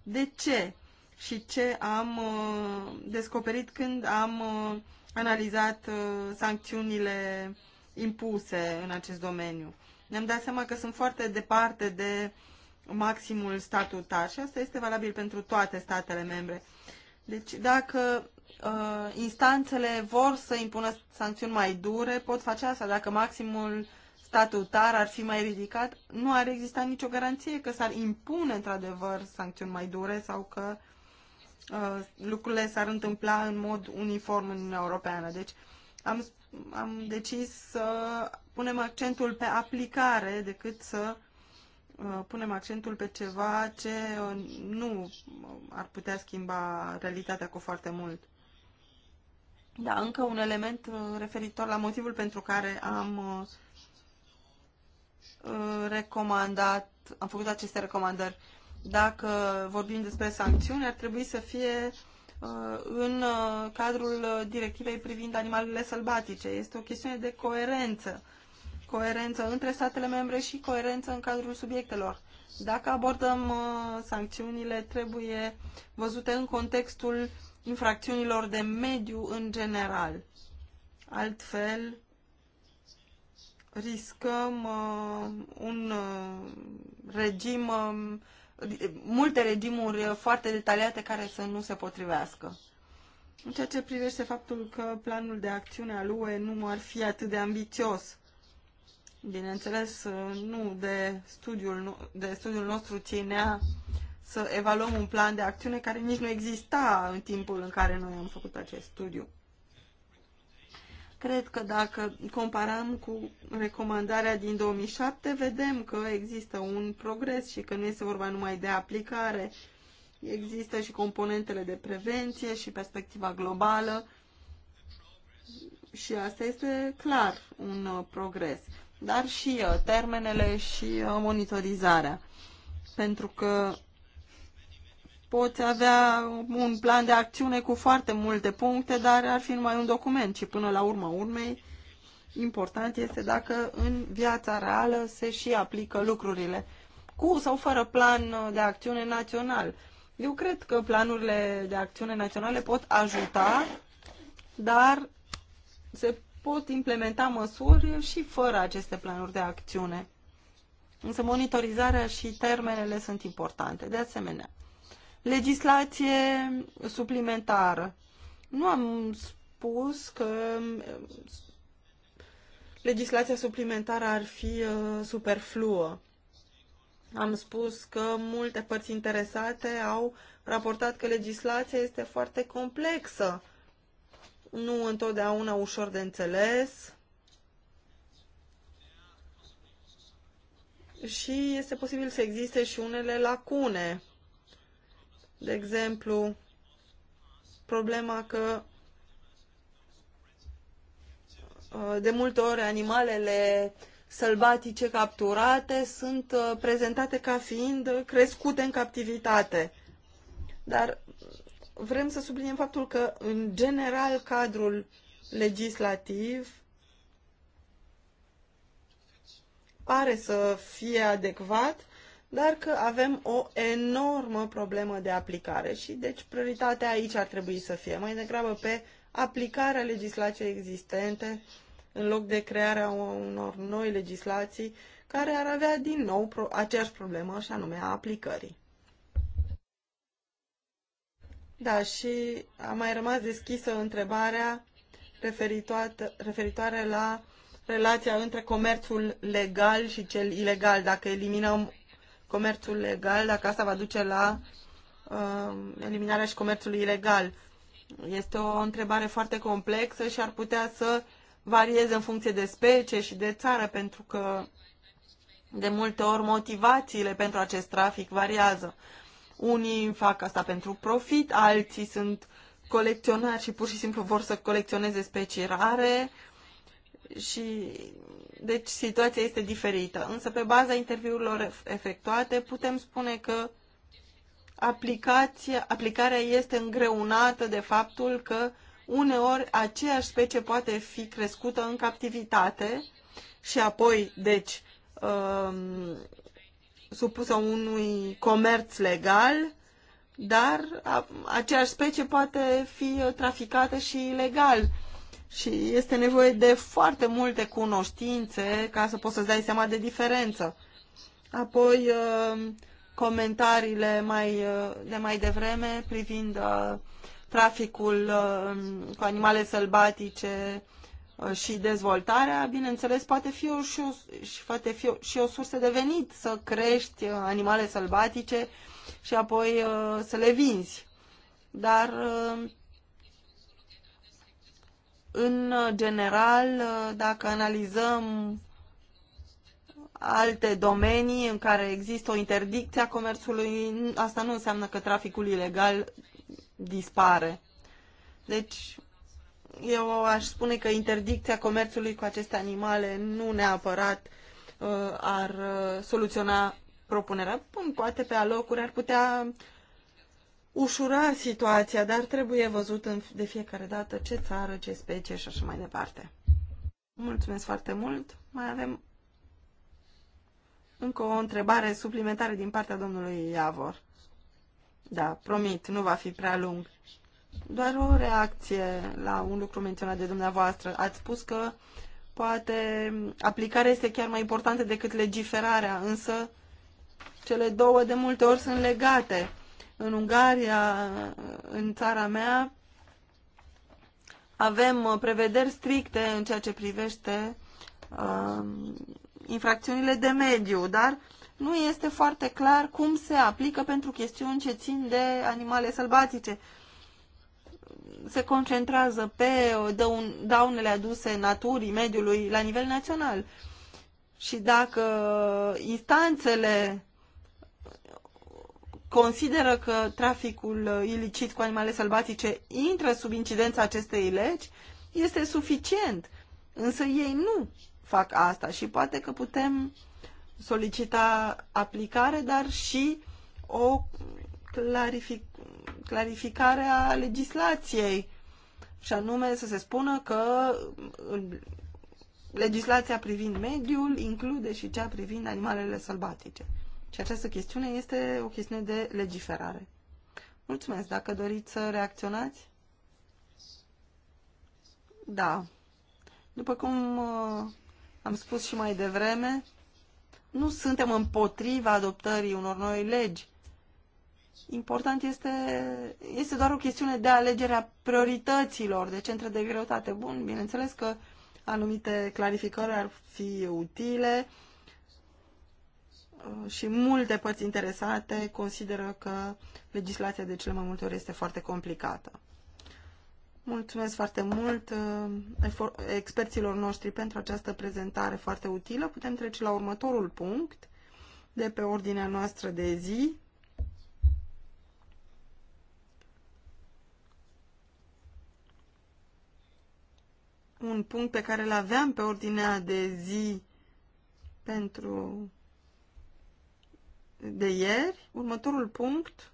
[SPEAKER 1] de ce și ce am uh, descoperit când am uh, analizat sancțiunile impuse în acest domeniu. Ne-am dat seama că sunt foarte departe de maximul statutar și asta este valabil pentru toate statele membre. Deci dacă uh, instanțele vor să impună sancțiuni mai dure, pot face asta dacă maximul statutar ar fi mai ridicat, nu ar exista nicio garanție că s-ar impune într-adevăr sancțiuni mai dure sau că uh, lucrurile s-ar întâmpla în mod uniform în Uniunea Europeană. Deci am, am decis să punem accentul pe aplicare decât să uh, punem accentul pe ceva ce uh, nu ar putea schimba realitatea cu foarte mult. Da, încă un element uh, referitor la motivul pentru care am uh, uh, recomandat, am făcut aceste recomandări. Dacă vorbim despre sancțiuni, ar trebui să fie în cadrul directivei privind animalele sălbatice. Este o chestiune de coerență. Coerență între statele membre și coerență în cadrul subiectelor. Dacă abordăm sancțiunile, trebuie văzute în contextul infracțiunilor de mediu în general. Altfel, riscăm uh, un uh, regim, uh, multe regimuri uh, foarte detaliate care să nu se potrivească. În ceea ce privește faptul că planul de acțiune al UE nu ar fi atât de ambițios, bineînțeles, uh, nu de studiul, de studiul nostru ținea uh, să evaluăm un plan de acțiune care nici nu exista în timpul în care noi am făcut acest studiu. Cred că dacă comparăm cu recomandarea din 2007, vedem că există un progres și că nu este vorba numai de aplicare. Există și componentele de prevenție și perspectiva globală și asta este clar un uh, progres, dar și uh, termenele și uh, monitorizarea. Pentru că poți avea un plan de acțiune cu foarte multe puncte, dar ar fi numai un document și până la urma urmei important este dacă în viața reală se și aplică lucrurile, cu sau fără plan de acțiune național. Eu cred că planurile de acțiune naționale pot ajuta, dar se pot implementa măsuri și fără aceste planuri de acțiune. Însă monitorizarea și termenele sunt importante. De asemenea, legislație suplimentară. Nu am spus că um, legislația suplimentară ar fi uh, superfluă. Am spus că multe părți interesate au raportat că legislația este foarte complexă, nu întotdeauna ușor de înțeles și este posibil să existe și unele lacune de exemplu, problema că uh, de multe ori animalele sălbatice capturate sunt uh, prezentate ca fiind crescute în captivitate. Dar vrem să subliniem faptul că, în general, cadrul legislativ pare să fie adecvat dar că avem o enormă problemă de aplicare și deci prioritatea aici ar trebui să fie mai degrabă pe aplicarea legislației existente în loc de crearea unor noi legislații care ar avea din nou pro- aceeași problemă și anume a aplicării. Da, și a mai rămas deschisă întrebarea referitoare la relația între comerțul legal și cel ilegal, dacă eliminăm comerțul legal, dacă asta va duce la uh, eliminarea și comerțului ilegal. Este o întrebare foarte complexă și ar putea să varieze în funcție de specie și de țară, pentru că de multe ori motivațiile pentru acest trafic variază. Unii fac asta pentru profit, alții sunt colecționari și pur și simplu vor să colecționeze specii rare, și deci situația este diferită. Însă pe baza interviurilor efectuate putem spune că aplicația, aplicarea este îngreunată de faptul că uneori aceeași specie poate fi crescută în captivitate și apoi, deci, um, supusă unui comerț legal, dar aceeași specie poate fi traficată și ilegal și este nevoie de foarte multe cunoștințe ca să poți să-ți dai seama de diferență. Apoi, uh, comentariile mai, uh, de mai devreme privind uh, traficul cu animale sălbatice și dezvoltarea, bineînțeles, poate fi o, și, o, și, poate fi o, și o sursă de venit să crești animale sălbatice și apoi să le vinzi. Dar în general, dacă analizăm alte domenii în care există o interdicție a comerțului, asta nu înseamnă că traficul ilegal dispare. Deci, eu aș spune că interdicția comerțului cu aceste animale nu neapărat uh, ar uh, soluționa propunerea. poate pe alocuri ar putea ușura situația, dar trebuie văzut în, de fiecare dată ce țară, ce specie și așa mai departe. Mulțumesc foarte mult. Mai avem încă o întrebare suplimentară din partea domnului Iavor. Da, promit, nu va fi prea lung. Doar o reacție la un lucru menționat de dumneavoastră. Ați spus că poate aplicarea este chiar mai importantă decât legiferarea, însă cele două de multe ori sunt legate în Ungaria, în țara mea, avem uh, prevederi stricte în ceea ce privește uh, infracțiunile de mediu, dar nu este foarte clar cum se aplică pentru chestiuni ce țin de animale sălbatice. Se concentrează pe uh, daunele aduse naturii, mediului, la nivel național. Și dacă uh, instanțele consideră că traficul uh, ilicit cu animale sălbatice intră sub incidența acestei legi, este suficient. Însă ei nu fac asta și poate că putem solicita aplicare, dar și o clarific clarificare a legislației și anume să se spună că um, legislația privind mediul include și cea privind animalele sălbatice. Și această chestiune este o chestiune de legiferare. Mulțumesc. Dacă doriți să reacționați? Da. După cum uh, am spus și mai devreme, nu suntem împotriva adoptării unor noi legi. Important este, este doar o chestiune de alegerea priorităților, de centre de greutate. Bun, bineînțeles că anumite clarificări ar fi utile, uh, Uh, și multe părți interesate consideră că legislația de cele mai multe ori este foarte complicată. Mulțumesc foarte mult uh, experților noștri pentru această prezentare foarte utilă. Putem trece la următorul punct de pe ordinea noastră de zi. Un punct pe care îl aveam pe ordinea de zi pentru de ieri. Următorul punct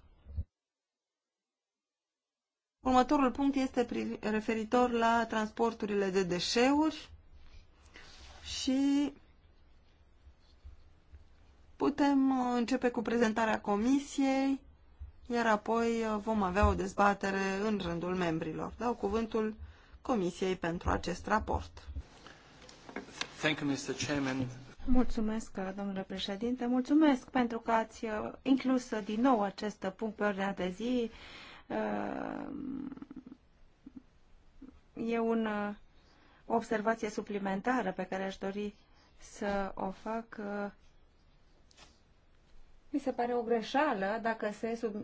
[SPEAKER 1] Următorul punct este referitor la transporturile de deșeuri și putem uh, începe cu prezentarea comisiei, iar apoi uh, vom avea o dezbatere în rândul membrilor. Dau cuvântul comisiei pentru acest raport. Thank you, Mr. Chairman. Mulțumesc, domnule președinte. Mulțumesc pentru că ați uh, inclus din
[SPEAKER 2] nou acest punct pe ordinea de zi. Uh, e o uh, observație suplimentară pe care aș dori să o fac mi se pare o greșeală dacă se sub,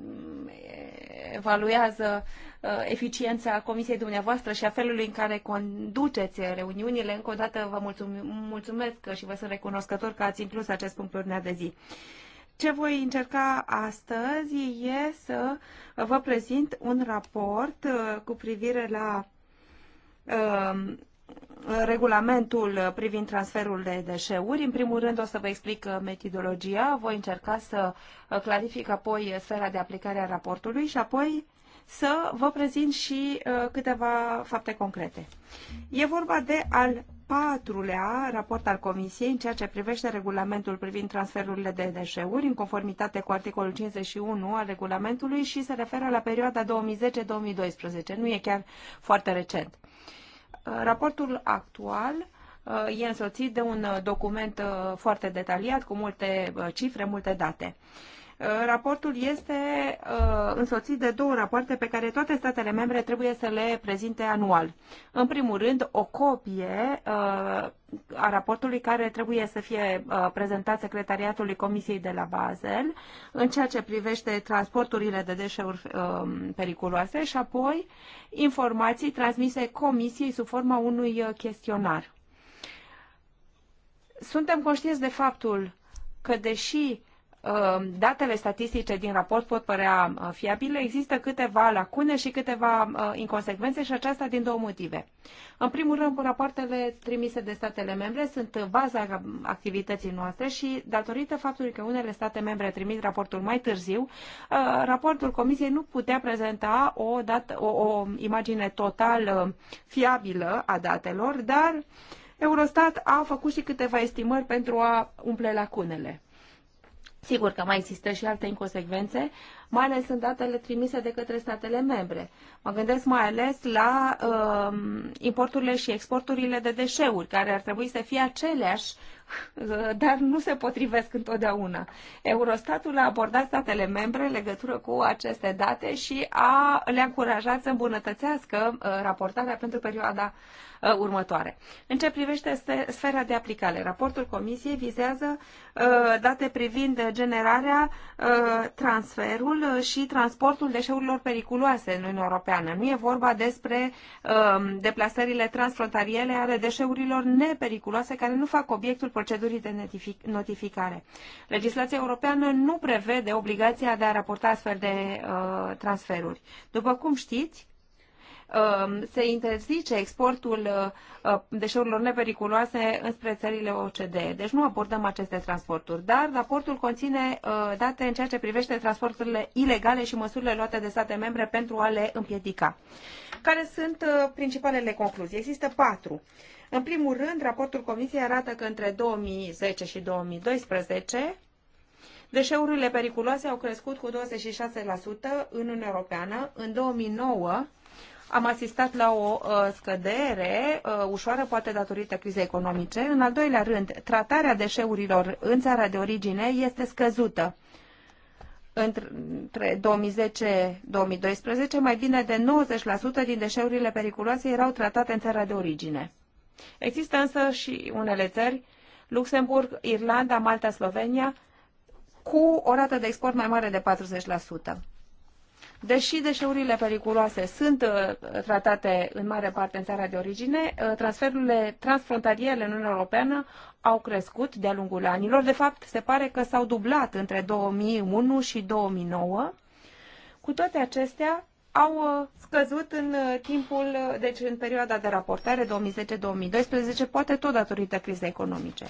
[SPEAKER 2] evaluează uh, eficiența comisiei dumneavoastră și a felului în care conduceți reuniunile. Încă o dată vă mulțum, mulțumesc și vă sunt recunoscător că ați inclus acest punct pe ordinea de zi. Ce voi încerca astăzi e să vă prezint un raport uh, cu privire la uh, regulamentul privind transferul de deșeuri. În primul rând o să vă explic uh, metodologia, voi încerca să uh, clarific apoi sfera de aplicare a raportului și apoi să vă prezint și uh, câteva fapte concrete. E vorba de al patrulea raport al Comisiei în ceea ce privește regulamentul privind transferurile de deșeuri, în conformitate cu articolul 51 al regulamentului și se referă la perioada 2010-2012. Nu e chiar foarte recent. Uh, Raportul actual uh, e însoțit de un document uh, foarte detaliat cu multe uh, cifre, multe date. Uh, raportul este uh, însoțit de două rapoarte pe care toate statele membre trebuie să le prezinte anual. În primul rând, o copie uh, a raportului care trebuie să fie prezentat Secretariatului Comisiei de la Basel în ceea ce privește transporturile de deșeuri um, periculoase și apoi informații transmise Comisiei sub forma unui chestionar. Suntem conștienți de faptul că, deși Um, datele statistice din raport pot părea uh, fiabile, există câteva lacune și câteva uh, inconsecvențe și aceasta din două motive. În primul rând, rapoartele trimise de statele membre sunt baza activității noastre și datorită faptului că unele state membre trimit raportul mai târziu, uh, raportul Comisiei nu putea prezenta o, dată, o, o imagine total fiabilă a datelor, dar Eurostat a făcut și câteva estimări pentru a umple lacunele. Sigur că mai există și alte inconsecvențe, mai ales în datele trimise de către statele membre. Mă gândesc mai ales la uh, importurile și exporturile de deșeuri, care ar trebui să fie aceleași, uh, dar nu se potrivesc întotdeauna. Eurostatul a abordat statele membre în legătură cu aceste date și a le-a încurajat să îmbunătățească uh, raportarea pentru perioada uh, următoare. În ce privește sfera de aplicare, raportul Comisiei vizează uh, date privind generarea, uh, transferul, comerțul și transportul deșeurilor periculoase în Uniunea Europeană. Nu e vorba despre um, deplasările transfrontaliere ale deșeurilor nepericuloase care nu fac obiectul procedurii de notificare. Legislația europeană nu prevede obligația de a raporta astfel de uh, transferuri. După cum știți, Um, se interzice exportul uh, deșeurilor nepericuloase înspre țările OCD. Deci nu abordăm aceste transporturi, dar raportul conține uh, date în ceea ce privește transporturile ilegale și măsurile luate de state membre pentru a le împiedica. Care sunt uh, principalele concluzii? Există patru. În primul rând, raportul Comisiei arată că între 2010 și 2012 Deșeurile periculoase au crescut cu 26% în Uniunea Europeană. În 2009, am asistat la o uh, scădere uh, ușoară, poate datorită crizei economice. În al doilea rând, tratarea deșeurilor în țara de origine este scăzută între 2010-2012, mai bine de 90% din deșeurile periculoase erau tratate în țara de origine. Există însă și unele țări, Luxemburg, Irlanda, Malta, Slovenia, cu o rată de export mai mare de 40%. Deși deșeurile periculoase sunt uh, tratate în mare parte în țara de origine, uh, transferurile transfrontaliere în Uniunea Europeană au crescut de-a lungul anilor. De fapt, se pare că s-au dublat între 2001 și 2009. Cu toate acestea, au uh, scăzut în timpul, deci în perioada de raportare 2010-2012, poate tot datorită crizei economice.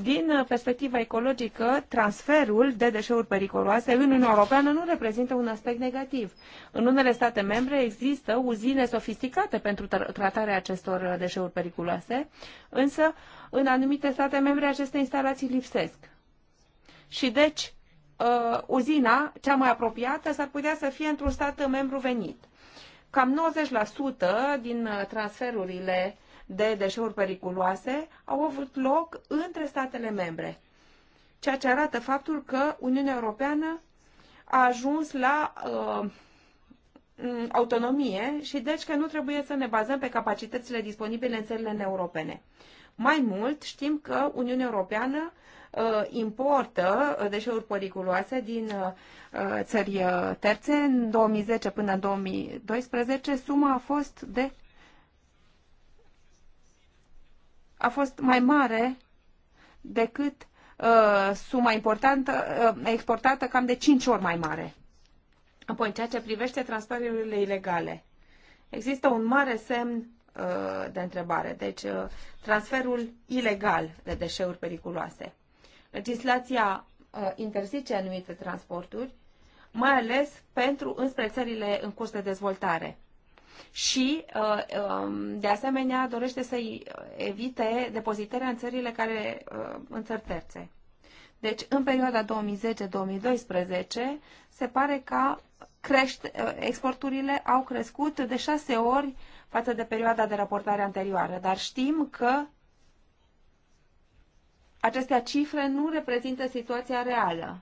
[SPEAKER 2] Din perspectiva ecologică, transferul de deșeuri periculoase în Uniunea Europeană nu reprezintă un aspect negativ. În unele state membre există uzine sofisticate pentru tratarea acestor deșeuri periculoase, însă în anumite state membre aceste instalații lipsesc. Și deci, uh, uzina cea mai apropiată s-ar putea să fie într-un stat membru venit. Cam 90% din transferurile uh, de deșeuri periculoase au avut loc între statele membre, ceea ce arată faptul că Uniunea Europeană a ajuns la uh, mm, autonomie și deci că nu trebuie să ne bazăm pe capacitățile disponibile în țările europene. Mai mult, știm că Uniunea Europeană uh, importă uh, deșeuri periculoase din uh, uh țări uh, terțe. În 2010 până în 2012 suma a fost de a fost mai mare decât uh, suma importantă, uh, exportată cam de 5 ori mai mare. Apoi, în ceea ce privește transferurile ilegale, există un mare semn uh, de întrebare. Deci, uh, transferul ilegal de deșeuri periculoase. Legislația uh, interzice anumite transporturi, mai ales pentru înspre țările în curs de dezvoltare și, uh, um, de asemenea, dorește să evite depozitarea în țările care, uh, în țări terțe. Deci, în perioada 2010-2012, se pare că crește, uh, exporturile au crescut de șase ori față de perioada de raportare anterioară, dar știm că aceste cifre nu reprezintă situația reală.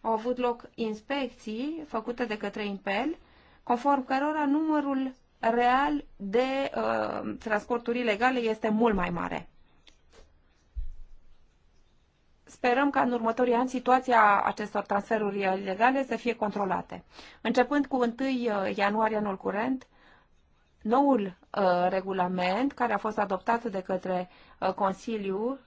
[SPEAKER 2] Au avut loc inspecții făcute de către Impel conform cărora numărul real de uh, transporturi ilegale este mult mai mare. Sperăm ca în următorii ani situația acestor transferuri ilegale să fie controlate. Începând cu 1 uh, ianuarie anul curent, noul uh, regulament care a fost adoptat de către uh, Consiliu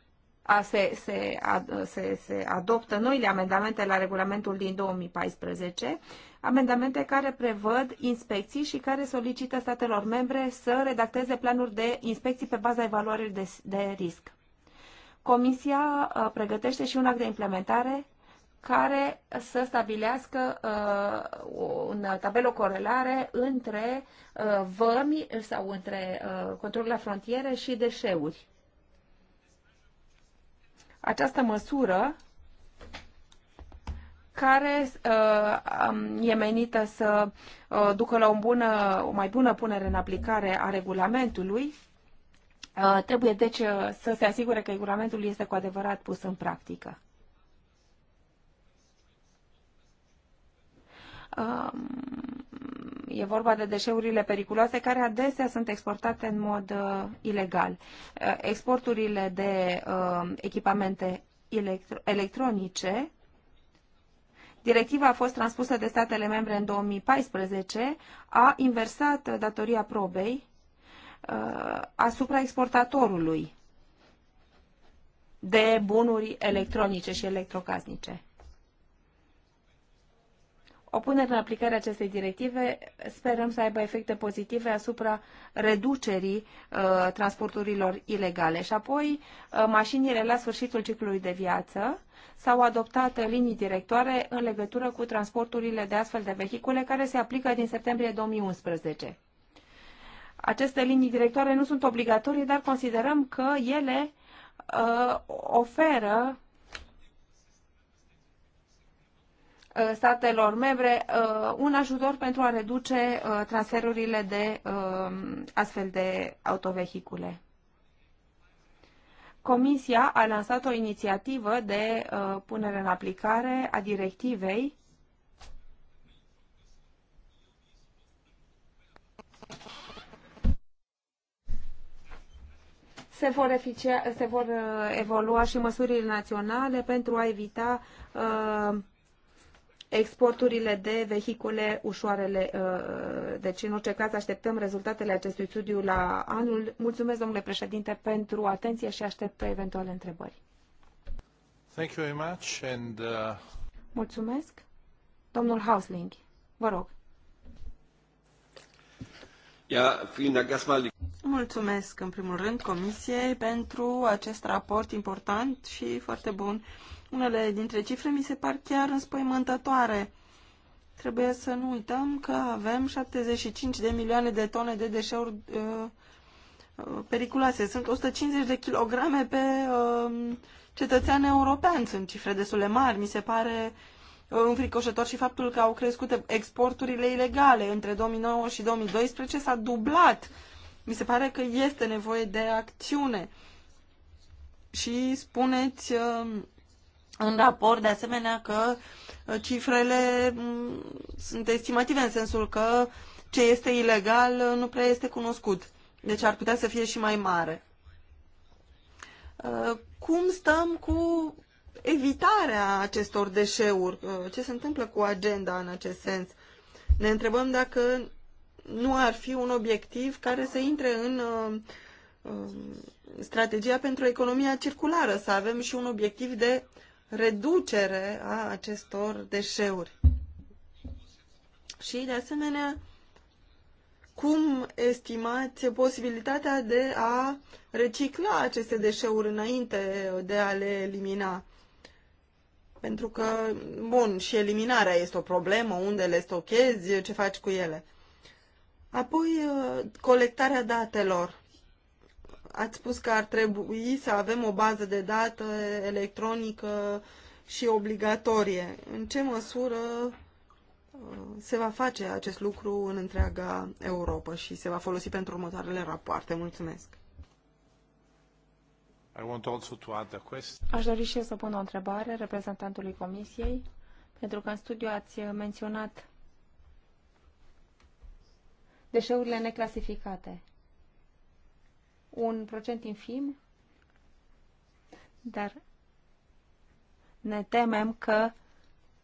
[SPEAKER 2] a, se, se, a, se, se adoptă noile amendamente la regulamentul din 2014, amendamente care prevăd inspecții și care solicită statelor membre să redacteze planuri de inspecții pe baza evaluării de, de risc. Comisia uh, pregătește și un act de implementare care să stabilească uh, un tabel o corelare între uh, vămi sau între uh, controlul la frontiere și deșeuri această măsură care uh, um, e menită să uh, ducă la o, bună, o mai bună punere în aplicare a regulamentului. Uh, trebuie deci uh, să se asigure că regulamentul este cu adevărat pus în practică. Um, E vorba de deșeurile periculoase care adesea sunt exportate în mod uh, ilegal. Uh, exporturile de uh, echipamente electro- electronice. Directiva a fost transpusă de statele membre în 2014, a inversat datoria probei uh, asupra exportatorului de bunuri electronice și electrocasnice. O punere în aplicare acestei directive sperăm să aibă efecte pozitive asupra reducerii uh, transporturilor ilegale. Și apoi, uh, mașinile la sfârșitul ciclului de viață s-au adoptat linii directoare în legătură cu transporturile de astfel de vehicule care se aplică din septembrie 2011. Aceste linii directoare nu sunt obligatorii, dar considerăm că ele uh, oferă Uh, statelor membre uh, un ajutor pentru a reduce uh, transferurile de astfel de autovehicule. Comisia a lansat o inițiativă de punere în aplicare a directivei se vor, eficia, se vor evolua și măsurile naționale pentru a evita uh, exporturile de vehicule ușoarele. Uh, deci, în orice caz, așteptăm rezultatele acestui studiu la anul. Mulțumesc, domnule președinte, pentru atenție și aștept pe eventuale întrebări.
[SPEAKER 1] Thank you very much and, uh...
[SPEAKER 2] Mulțumesc.
[SPEAKER 1] Domnul Hausling, vă rog. Mulțumesc, în primul rând, Comisiei pentru acest raport important și foarte bun. Unele dintre cifre mi se par chiar înspăimântătoare. Trebuie să nu uităm că avem 75 de milioane de tone de deșeuri uh, uh periculoase. Sunt 150 de kilograme pe uh, cetățean european. Sunt cifre destul de mari. Mi se pare uh, înfricoșător și faptul că au crescut exporturile ilegale. Între 2009 și 2012 s-a dublat. Mi se pare că este nevoie de acțiune. Și spuneți uh, în raport, de asemenea, că uh, cifrele mm, sunt estimative în sensul că ce este ilegal uh, nu prea este cunoscut. Deci ar putea să fie și mai mare. Uh, cum stăm cu evitarea acestor deșeuri? Ce se întâmplă cu agenda în acest sens? Ne întrebăm dacă nu ar fi un obiectiv care să intre în um, strategia pentru economia circulară, să avem și un obiectiv de reducere a acestor deșeuri. Și, de asemenea, cum estimați posibilitatea de a recicla aceste deșeuri înainte de a le elimina? Pentru că, bun, și eliminarea este o problemă, unde le stochezi, ce faci cu ele. Apoi, colectarea datelor ați spus că ar trebui să avem o bază de dată electronică și obligatorie. În ce măsură uh, se va face acest lucru în întreaga Europa și se va folosi pentru următoarele rapoarte? Mulțumesc!
[SPEAKER 2] Aș dori și eu să pun o întrebare reprezentantului Comisiei, pentru că în studiu ați menționat deșeurile neclasificate un procent infim, dar ne temem că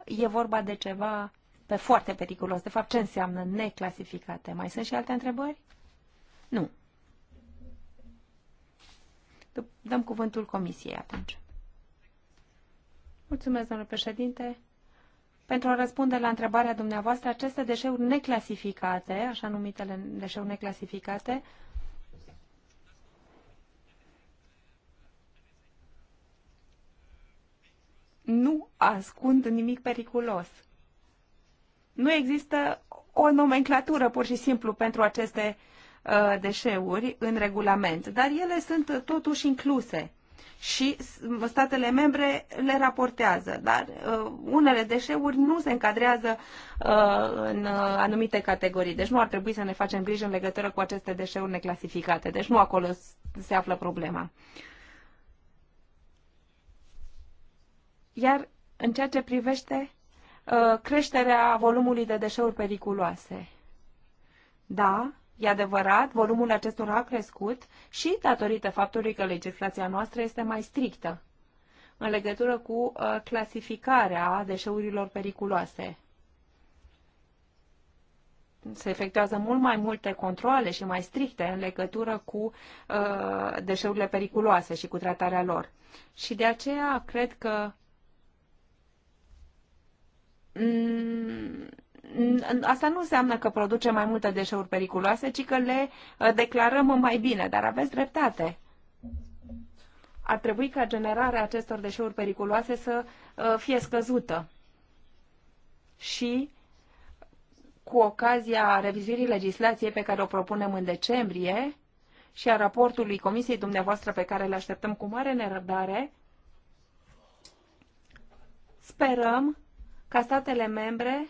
[SPEAKER 2] e vorba de ceva pe foarte periculos. De fapt, ce înseamnă neclasificate? Mai sunt și alte întrebări? Nu. Dăm cuvântul comisiei atunci. Mulțumesc, domnule președinte. Pentru a răspunde la întrebarea dumneavoastră, aceste deșeuri neclasificate, așa numitele deșeuri neclasificate, nu ascund nimic periculos. Nu există o nomenclatură pur și simplu pentru aceste uh, deșeuri în regulament, dar ele sunt totuși incluse și statele membre le raportează, dar uh, unele deșeuri nu se încadrează uh, în uh, anumite categorii. Deci nu ar trebui să ne facem grijă în legătură cu aceste deșeuri neclasificate. Deci nu acolo se află problema. Uh, Iar în ceea ce privește uh, creșterea volumului de deșeuri periculoase. Da, e adevărat, volumul acestora a crescut și datorită faptului că legislația noastră este mai strictă în legătură cu uh, clasificarea deșeurilor periculoase. Se efectuează mult mai multe controle și mai stricte în legătură cu uh, deșeurile periculoase și cu tratarea lor. Și de aceea cred că Mm, mm, asta nu înseamnă că producem mai multe deșeuri periculoase, ci că le uh, declarăm mai bine, dar aveți dreptate. Ar trebui ca generarea acestor deșeuri periculoase să uh, fie scăzută. Și cu ocazia revizuirii legislației pe care o propunem în decembrie și a raportului Comisiei dumneavoastră pe care le așteptăm cu mare nerăbdare, sperăm ca statele membre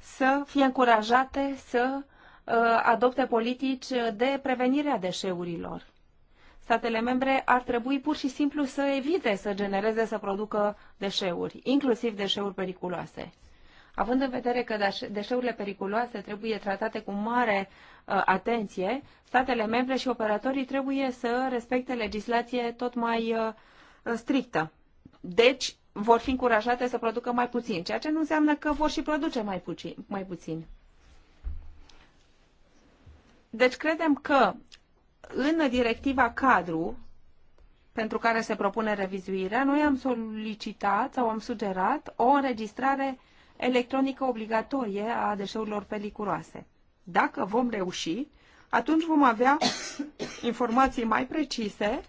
[SPEAKER 2] să fie încurajate să uh, adopte politici de prevenire a deșeurilor. Statele membre ar trebui pur și simplu să evite să genereze, să producă deșeuri, inclusiv deșeuri periculoase. Având în vedere că deșeurile periculoase trebuie tratate cu mare uh, atenție, statele membre și operatorii trebuie să respecte legislație tot mai uh, strictă. Deci, vor fi încurajate să producă mai puțin, ceea ce nu înseamnă că vor și produce mai puțin. Mai puțin. Deci credem că în directiva cadru pentru care se propune revizuirea, noi am solicitat sau am sugerat o înregistrare electronică obligatorie a deșeurilor pelicuroase. Dacă vom reuși, atunci vom avea informații mai precise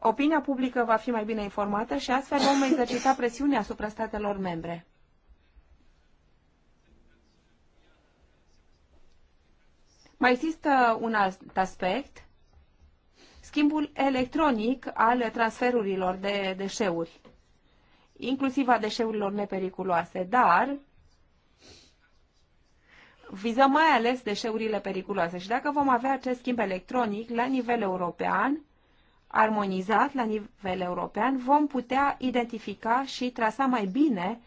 [SPEAKER 2] Opinia publică va fi mai bine informată și astfel vom exercita presiune asupra statelor membre. Mai există un alt aspect, schimbul electronic al transferurilor de deșeuri, inclusiv a deșeurilor nepericuloase, dar vizăm mai ales deșeurile periculoase și dacă vom avea acest schimb electronic la nivel european, armonizat la nivel european, vom putea identifica și trasa mai bine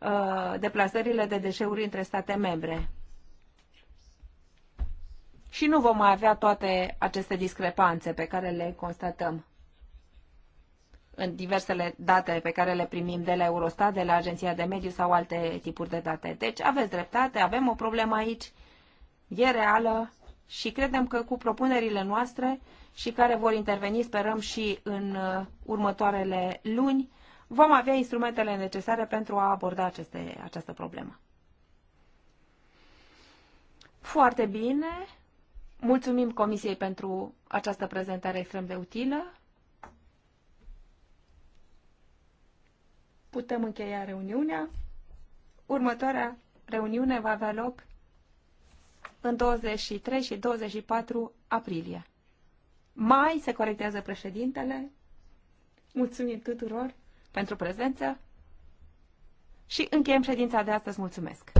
[SPEAKER 2] uh, deplasările de deșeuri între state membre. Și nu vom mai avea toate aceste discrepanțe pe care le constatăm în diversele date pe care le primim de la Eurostat, de la Agenția de Mediu sau alte tipuri de date. Deci aveți dreptate, avem o problemă aici, e reală și credem că cu propunerile noastre și care vor interveni, sperăm, și în uh, următoarele luni, vom avea instrumentele necesare pentru a aborda aceste, această problemă. Foarte bine. Mulțumim Comisiei pentru această prezentare extrem de utilă. Putem încheia reuniunea. Următoarea reuniune va avea loc în 23 și 24 aprilie mai se corectează președintele. Mulțumim tuturor pentru prezență și încheiem ședința de astăzi. Mulțumesc!